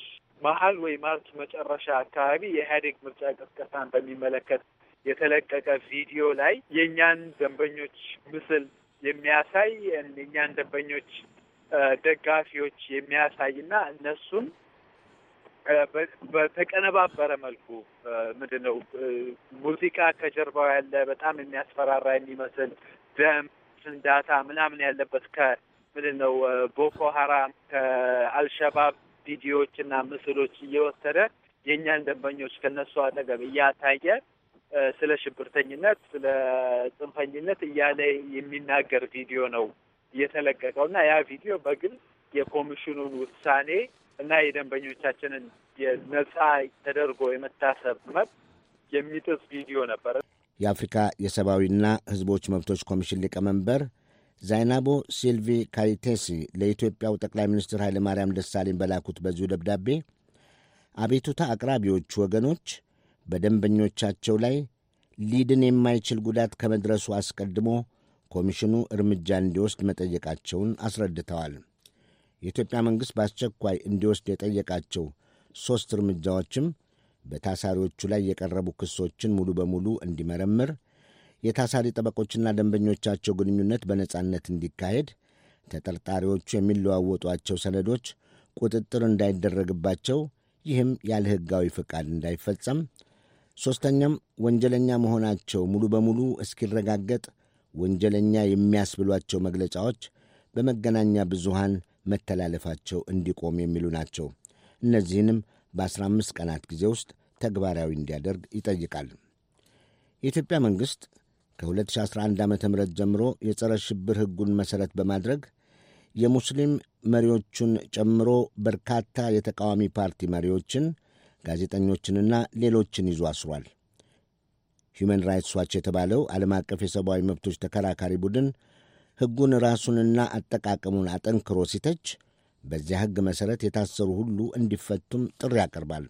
Speaker 13: መሀል ወይ ማርች መጨረሻ አካባቢ የኢህአዴግ ምርጫ ቅስቀሳን በሚመለከት የተለቀቀ ቪዲዮ ላይ የእኛን ደንበኞች ምስል የሚያሳይ የእኛን ደንበኞች ደጋፊዎች የሚያሳይ እና እነሱን በተቀነባበረ መልኩ ምንድን ነው ሙዚቃ ከጀርባው ያለ በጣም የሚያስፈራራ የሚመስል ደም፣ ፍንዳታ ምናምን ያለበት ከምንድን ነው ቦኮ ሀራም ከአልሸባብ ቪዲዮዎች እና ምስሎች እየወሰደ የእኛን ደንበኞች ከነሱ አጠገብ እያታየ ስለ ሽብርተኝነት፣ ስለ ጽንፈኝነት እያለ የሚናገር ቪዲዮ ነው እየተለቀቀው እና ያ ቪዲዮ በግል የኮሚሽኑን ውሳኔ እና የደንበኞቻችንን የነጻ ተደርጎ የመታሰብ መብት የሚጥስ ቪዲዮ ነበረ።
Speaker 11: የአፍሪካ የሰብአዊና ሕዝቦች መብቶች ኮሚሽን ሊቀመንበር ዛይናቦ ሲልቪ ካሪቴሲ ለኢትዮጵያው ጠቅላይ ሚኒስትር ኃይለ ማርያም ደሳለኝ በላኩት በዚሁ ደብዳቤ አቤቱታ አቅራቢዎቹ ወገኖች በደንበኞቻቸው ላይ ሊድን የማይችል ጉዳት ከመድረሱ አስቀድሞ ኮሚሽኑ እርምጃ እንዲወስድ መጠየቃቸውን አስረድተዋል። የኢትዮጵያ መንግሥት በአስቸኳይ እንዲወስድ የጠየቃቸው ሦስት እርምጃዎችም በታሳሪዎቹ ላይ የቀረቡ ክሶችን ሙሉ በሙሉ እንዲመረምር፣ የታሳሪ ጠበቆችና ደንበኞቻቸው ግንኙነት በነጻነት እንዲካሄድ፣ ተጠርጣሪዎቹ የሚለዋወጧቸው ሰነዶች ቁጥጥር እንዳይደረግባቸው፣ ይህም ያለ ሕጋዊ ፍቃድ እንዳይፈጸም፣ ሦስተኛም ወንጀለኛ መሆናቸው ሙሉ በሙሉ እስኪረጋገጥ ወንጀለኛ የሚያስብሏቸው መግለጫዎች በመገናኛ ብዙሃን መተላለፋቸው እንዲቆም የሚሉ ናቸው። እነዚህንም በ15 ቀናት ጊዜ ውስጥ ተግባራዊ እንዲያደርግ ይጠይቃል። የኢትዮጵያ መንግሥት ከ2011 ዓ ም ጀምሮ የጸረ ሽብር ሕጉን መሠረት በማድረግ የሙስሊም መሪዎቹን ጨምሮ በርካታ የተቃዋሚ ፓርቲ መሪዎችን፣ ጋዜጠኞችንና ሌሎችን ይዞ አስሯል። ሁመን ራይትስ ዋች የተባለው ዓለም አቀፍ የሰብአዊ መብቶች ተከራካሪ ቡድን ሕጉን ራሱንና አጠቃቀሙን አጠንክሮ ሲተች በዚያ ሕግ መሠረት የታሰሩ ሁሉ እንዲፈቱም ጥሪ ያቀርባል።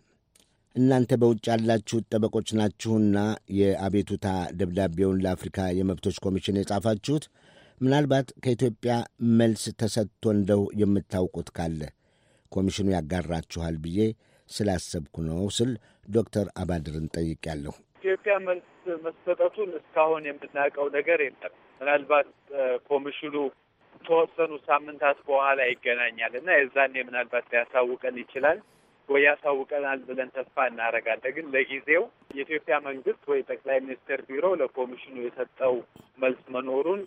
Speaker 11: እናንተ በውጭ ያላችሁት ጠበቆች ናችሁና የአቤቱታ ደብዳቤውን ለአፍሪካ የመብቶች ኮሚሽን የጻፋችሁት ምናልባት ከኢትዮጵያ መልስ ተሰጥቶ እንደው የምታውቁት ካለ ኮሚሽኑ ያጋራችኋል ብዬ ስላሰብኩ ነው ስል ዶክተር አባድርን ጠይቄያለሁ።
Speaker 13: ኢትዮጵያ መልስ መሰጠቱን እስካሁን የምናውቀው ነገር የለም። ምናልባት ኮሚሽኑ ተወሰኑ ሳምንታት በኋላ ይገናኛል እና የዛኔ ምናልባት ሊያሳውቀን ይችላል ወይ ያሳውቀናል ብለን ተስፋ እናደርጋለን። ግን ለጊዜው የኢትዮጵያ መንግስት ወይ ጠቅላይ ሚኒስትር ቢሮ ለኮሚሽኑ የሰጠው መልስ መኖሩን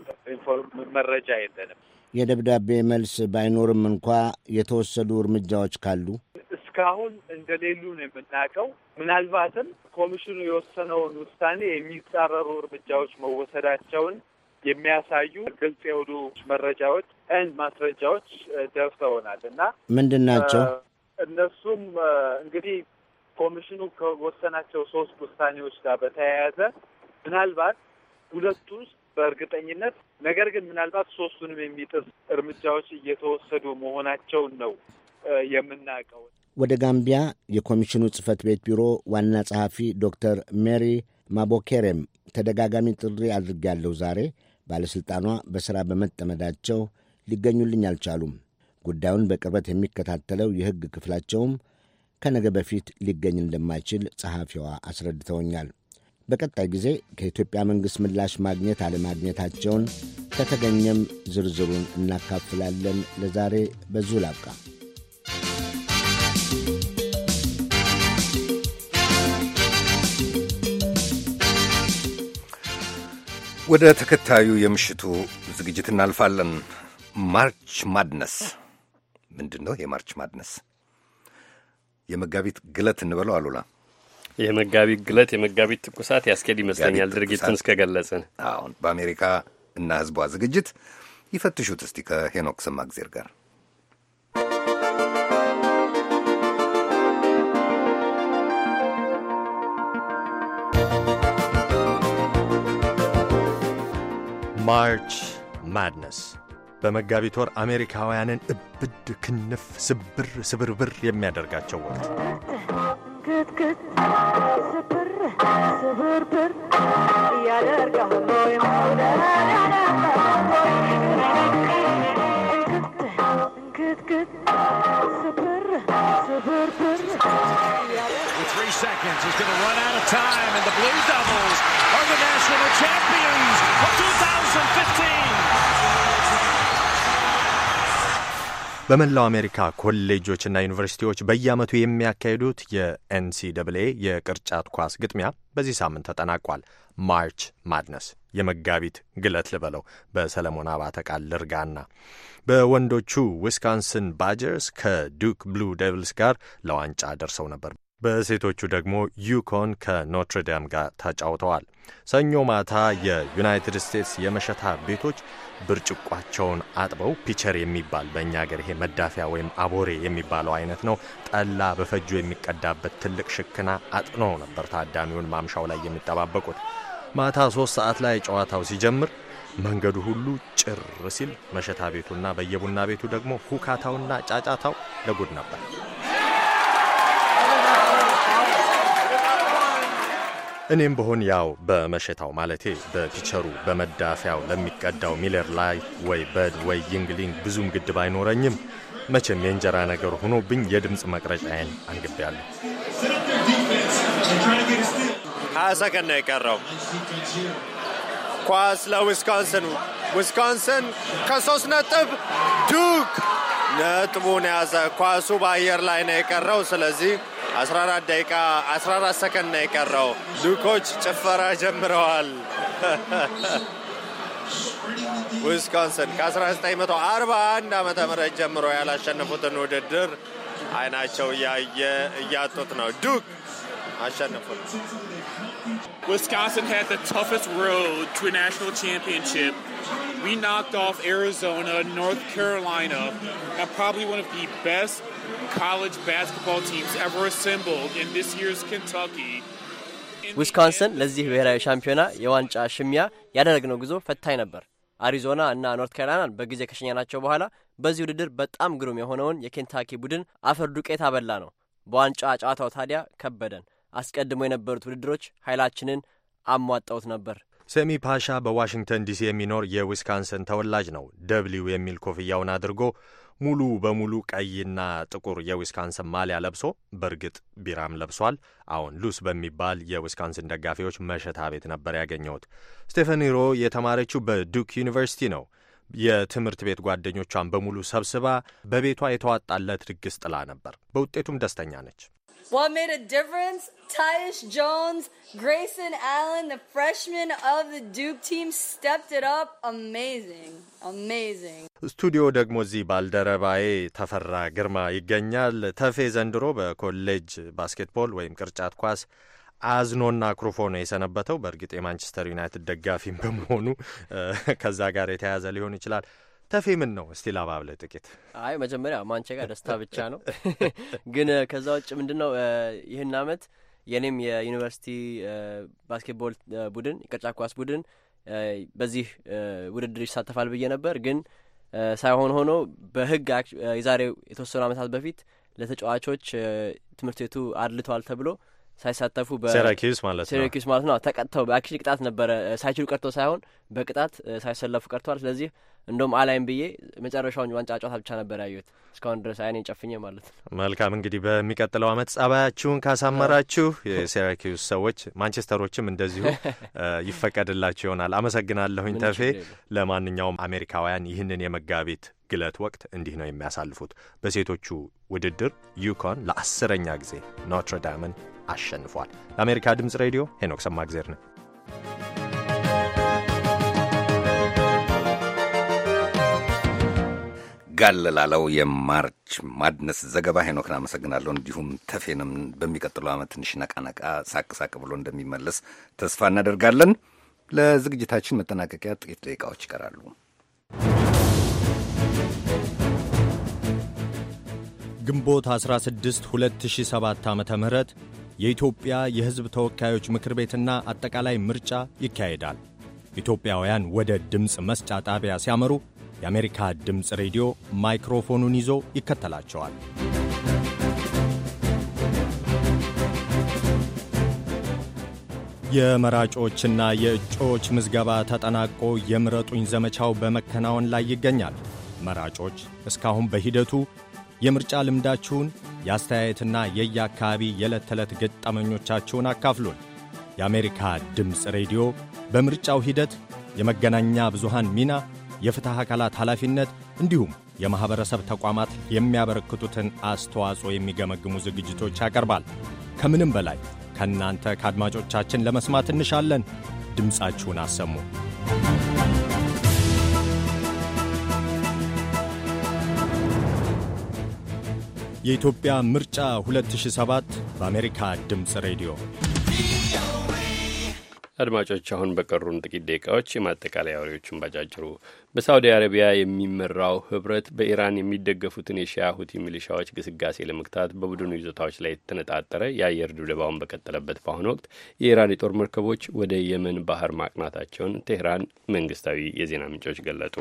Speaker 13: መረጃ የለንም።
Speaker 11: የደብዳቤ መልስ ባይኖርም እንኳ የተወሰዱ እርምጃዎች ካሉ
Speaker 13: እስካሁን እንደሌሉ ነው የምናውቀው። ምናልባትም ኮሚሽኑ የወሰነውን ውሳኔ የሚጻረሩ እርምጃዎች መወሰዳቸውን የሚያሳዩ ግልጽ የሆኑ መረጃዎች ማስረጃዎች ደርሰውናል እና
Speaker 11: ምንድን ናቸው
Speaker 13: እነሱም እንግዲህ ኮሚሽኑ ከወሰናቸው ሶስት ውሳኔዎች ጋር በተያያዘ ምናልባት ሁለቱ ውስጥ በእርግጠኝነት ነገር ግን ምናልባት ሶስቱንም የሚጥስ እርምጃዎች እየተወሰዱ መሆናቸውን ነው የምናውቀው።
Speaker 11: ወደ ጋምቢያ የኮሚሽኑ ጽህፈት ቤት ቢሮ ዋና ጸሐፊ ዶክተር ሜሪ ማቦኬሬም ተደጋጋሚ ጥሪ አድርጌያለሁ ዛሬ ባለሥልጣኗ በሥራ በመጠመዳቸው ሊገኙልኝ አልቻሉም። ጉዳዩን በቅርበት የሚከታተለው የሕግ ክፍላቸውም ከነገ በፊት ሊገኝ እንደማይችል ጸሐፊዋ አስረድተውኛል። በቀጣይ ጊዜ ከኢትዮጵያ መንግሥት ምላሽ ማግኘት አለማግኘታቸውን ከተገኘም ዝርዝሩን እናካፍላለን። ለዛሬ በዚሁ ላብቃ።
Speaker 2: ወደ ተከታዩ የምሽቱ ዝግጅት እናልፋለን። ማርች ማድነስ ምንድን ነው? የማርች ማድነስ የመጋቢት ግለት እንበለው አሉላ
Speaker 1: የመጋቢት ግለት የመጋቢት ትኩሳት ያስኬድ ይመስለኛል ድርጊቱን እስከገለጽን። አሁን በአሜሪካ እና
Speaker 2: ህዝቧ ዝግጅት ይፈትሹት እስቲ ከሄኖክ ሰማግዜር ጋር
Speaker 5: ማርች ማድነስ በመጋቢት ወር አሜሪካውያንን እብድ፣ ክንፍ፣ ስብር ስብርብር የሚያደርጋቸው ወቅት
Speaker 7: With three seconds, he's going to run out of time, and the Blue Devils are the next. the champions of 2015።
Speaker 5: በመላው አሜሪካ ኮሌጆችና ዩኒቨርሲቲዎች በየዓመቱ የሚያካሂዱት የኤንሲደብልኤ የቅርጫት ኳስ ግጥሚያ በዚህ ሳምንት ተጠናቋል። ማርች ማድነስ የመጋቢት ግለት ልበለው በሰለሞን አባተ ቃል ልርጋና በወንዶቹ ዊስካንስን ባጀርስ ከዱክ ብሉ ዴቪልስ ጋር ለዋንጫ ደርሰው ነበር። በሴቶቹ ደግሞ ዩኮን ከኖትርዳም ጋር ተጫውተዋል። ሰኞ ማታ የዩናይትድ ስቴትስ የመሸታ ቤቶች ብርጭቋቸውን አጥበው ፒቸር የሚባል በእኛ ሀገር ይሄ መዳፊያ ወይም አቦሬ የሚባለው አይነት ነው፣ ጠላ በፈጁ የሚቀዳበት ትልቅ ሽክና አጥኖ ነበር ታዳሚውን ማምሻው ላይ የሚጠባበቁት። ማታ ሶስት ሰዓት ላይ ጨዋታው ሲጀምር መንገዱ ሁሉ ጭር ሲል መሸታ ቤቱና በየቡና ቤቱ ደግሞ ሁካታውና ጫጫታው ለጉድ ነበር። እኔም ብሆን ያው በመሸታው ማለቴ በፒቸሩ በመዳፊያው ለሚቀዳው ሚለር ላይ ወይ በድ ወይ ይንግሊንግ ብዙም ግድብ አይኖረኝም። መቼም የእንጀራ ነገር ሆኖብኝ የድምፅ መቅረጫዬን አንግቤያለሁ። ሀያ ሰከንድ ነው የቀረው። ኳስ ለዊስኮንሰን። ዊስኮንሰን ከሶስት ነጥብ ዱክ ነጥቡን ያዘ። ኳሱ በአየር ላይ ነው የቀረው። ስለዚህ 14 ደቂቃ 14 ሰከንድ ነው የቀረው። ዱኮች ጭፈራ ጀምረዋል። (laughs) ከ1941 ዓመተ ምህረት ጀምሮ ያላሸነፉትን ውድድር አይናቸው እያየ እያጡት ነው። ዱክ አሸነፉት። Wisconsin had the toughest road to a national championship.
Speaker 13: We knocked off Arizona, North Carolina, and probably one of the best college basketball teams ever assembled in this year's Kentucky.
Speaker 14: ዊስኮንሰን ለዚህ ብሔራዊ ሻምፒዮና የዋንጫ ሽሚያ ያደረግነው ጉዞ ፈታኝ ነበር። አሪዞና እና ኖርት ካሮላይናን በጊዜ ከሸኘናቸው በኋላ በዚህ ውድድር በጣም ግሩም የሆነውን የኬንታኪ ቡድን አፈር ዱቄት አበላ ነው። በዋንጫ ጨዋታው ታዲያ ከበደን። አስቀድሞ የነበሩት ውድድሮች ኃይላችንን አሟጠውት ነበር።
Speaker 5: ሴሚ ፓሻ በዋሽንግተን ዲሲ የሚኖር የዊስካንሰን ተወላጅ ነው። ደብሊው የሚል ኮፍያውን አድርጎ ሙሉ በሙሉ ቀይና ጥቁር የዊስካንሰን ማሊያ ለብሶ በእርግጥ ቢራም ለብሷል። አሁን ሉስ በሚባል የዊስካንሰን ደጋፊዎች መሸታ ቤት ነበር ያገኘሁት። ስቴፈኒ ሮ የተማረችው በዱክ ዩኒቨርሲቲ ነው። የትምህርት ቤት ጓደኞቿን በሙሉ ሰብስባ በቤቷ የተዋጣለት ድግስ ጥላ ነበር። በውጤቱም ደስተኛ ነች።
Speaker 1: What made a difference? Tyus Jones, Grayson Allen, the freshman of the Duke team, stepped it up. Amazing. Amazing.
Speaker 5: ስቱዲዮ ደግሞ እዚህ ባልደረባዬ ተፈራ ግርማ ይገኛል። ተፌ ዘንድሮ በኮሌጅ ባስኬትቦል ወይም ቅርጫት ኳስ አዝኖና ክሩፎ ነው የሰነበተው። በእርግጥ የማንቸስተር ዩናይትድ ደጋፊም በመሆኑ ከዛ ጋር የተያያዘ ሊሆን ይችላል። ተፌ ምን ነው እስቲ ላባብለ ጥቂት።
Speaker 14: አይ መጀመሪያ ማንቼ ጋር ደስታ ብቻ ነው፣ (laughs) (laughs) ግን uh, ከዛ ውጭ ምንድን ነው uh, ይህን አመት የእኔም የዩኒቨርሲቲ uh, ባስኬትቦል ቡድን ቅርጫ ኳስ ቡድን በዚህ ውድድር ይሳተፋል ብዬ ነበር፣ ግን ሳይሆን ሆኖ በህግ የዛሬው የተወሰኑ አመታት በፊት ለተጫዋቾች ትምህርት ቤቱ አድልተዋል ተብሎ ሳይሳተፉ ሴራኪዩስ ማለት ነው ሴራኪዩስ ማለት ነው ተቀጥተው በአክሽሊ ቅጣት ነበረ ሳይችሉ ቀርቶ ሳይሆን በቅጣት ሳይሰለፉ ቀርተዋል። ስለዚህ እንደም አላይም ብዬ መጨረሻውን ዋንጫ ጨዋታ ብቻ ነበር ያዩት እስካሁን ድረስ አይኔን ጨፍኜ ማለት ነው።
Speaker 5: መልካም እንግዲህ በሚቀጥለው አመት ጸባያችሁን ካሳመራችሁ የሴራኪዩስ ሰዎች ማንቸስተሮችም እንደዚሁ (laughs) ይፈቀድላችሁ ይሆናል። አመሰግናለሁኝ ተፌ። ለማንኛውም አሜሪካውያን ይህንን የመጋቢት ግለት ወቅት እንዲህ ነው የሚያሳልፉት። በሴቶቹ ውድድር ዩኮን ለአስረኛ ጊዜ ኖትረዳምን አሸንፏል። ለአሜሪካ ድምፅ ሬዲዮ ሄኖክ ሰማግዜር ነው።
Speaker 2: ጋለላለው የማርች ማድነስ ዘገባ ሄኖክን አመሰግናለሁ። እንዲሁም ተፌንም በሚቀጥለው ዓመት ትንሽ ነቃነቃ ሳቅሳቅ ብሎ እንደሚመለስ ተስፋ እናደርጋለን። ለዝግጅታችን መጠናቀቂያ ጥቂት ደቂቃዎች ይቀራሉ።
Speaker 5: ግንቦት 16 2007 ዓ ም የኢትዮጵያ የሕዝብ ተወካዮች ምክር ቤትና አጠቃላይ ምርጫ ይካሄዳል። ኢትዮጵያውያን ወደ ድምፅ መስጫ ጣቢያ ሲያመሩ የአሜሪካ ድምፅ ሬዲዮ ማይክሮፎኑን ይዞ ይከተላቸዋል። የመራጮችና የእጩዎች ምዝገባ ተጠናቆ የምረጡኝ ዘመቻው በመከናወን ላይ ይገኛል። መራጮች እስካሁን በሂደቱ የምርጫ ልምዳችሁን የአስተያየትና የየአካባቢ የዕለት ተዕለት ገጠመኞቻችሁን አካፍሉን። የአሜሪካ ድምፅ ሬዲዮ በምርጫው ሂደት የመገናኛ ብዙሃን ሚና፣ የፍትሕ አካላት ኃላፊነት እንዲሁም የማኅበረሰብ ተቋማት የሚያበረክቱትን አስተዋጽኦ የሚገመግሙ ዝግጅቶች ያቀርባል። ከምንም በላይ ከእናንተ ከአድማጮቻችን ለመስማት እንሻለን። ድምፃችሁን አሰሙ።
Speaker 1: የኢትዮጵያ ምርጫ 2007 በአሜሪካ ድምፅ ሬዲዮ። አድማጮች አሁን በቀሩን ጥቂት ደቂቃዎች የማጠቃለያ ወሬዎችን ባጫጭሩ። በሳውዲ አረቢያ የሚመራው ህብረት በኢራን የሚደገፉትን የሺያ ሁቲ ሚሊሻዎች ግስጋሴ ለመግታት በቡድኑ ይዞታዎች ላይ የተነጣጠረ የአየር ድብደባውን በቀጠለበት በአሁኑ ወቅት የኢራን የጦር መርከቦች ወደ የመን ባህር ማቅናታቸውን ቴህራን መንግስታዊ የዜና ምንጮች ገለጡ።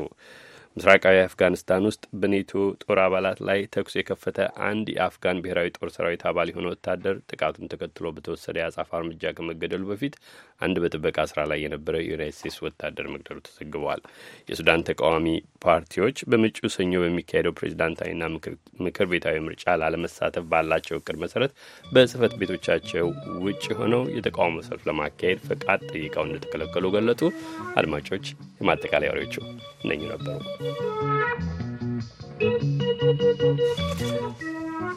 Speaker 1: ምስራቃዊ አፍጋኒስታን ውስጥ በኔቶ ጦር አባላት ላይ ተኩስ የከፈተ አንድ የአፍጋን ብሔራዊ ጦር ሰራዊት አባል የሆነ ወታደር ጥቃቱን ተከትሎ በተወሰደ የአጻፋ እርምጃ ከመገደሉ በፊት አንድ በጥበቃ ስራ ላይ የነበረ የዩናይት ስቴትስ ወታደር መግደሉ ተዘግቧል። የሱዳን ተቃዋሚ ፓርቲዎች በመጪው ሰኞ በሚካሄደው ፕሬዚዳንታዊና ምክር ቤታዊ ምርጫ ላለመሳተፍ ባላቸው እቅድ መሰረት በጽህፈት ቤቶቻቸው ውጭ ሆነው የተቃውሞ ሰልፍ ለማካሄድ ፈቃድ ጠይቀው እንደተከለከሉ ገለጡ። አድማጮች፣ የማጠቃለያ ወሬዎቹ እነኙ ነበሩ።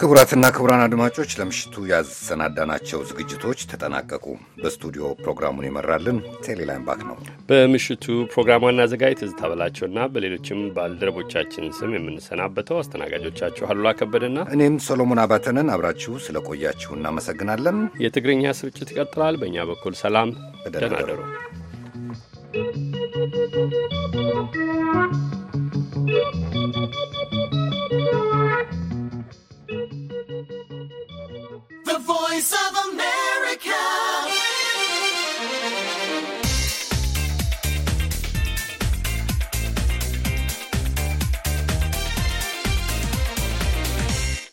Speaker 2: ክቡራትና ክቡራን አድማጮች ለምሽቱ ያሰናዳናቸው ዝግጅቶች ተጠናቀቁ።
Speaker 1: በስቱዲዮ ፕሮግራሙን ይመራልን ቴሌላይን ባክ ነው። በምሽቱ ፕሮግራሟን አዘጋጅ ትዝታ በላቸውና በሌሎችም ባልደረቦቻችን ስም የምንሰናበተው አስተናጋጆቻችሁ አሉላ ከበደና እኔም
Speaker 2: ሶሎሞን አባተንን አብራችሁ ስለቆያችሁ
Speaker 1: እናመሰግናለን። የትግርኛ ስርጭት ይቀጥላል። በእኛ በኩል ሰላም፣ ደህና እደሩ።
Speaker 7: Voice of America.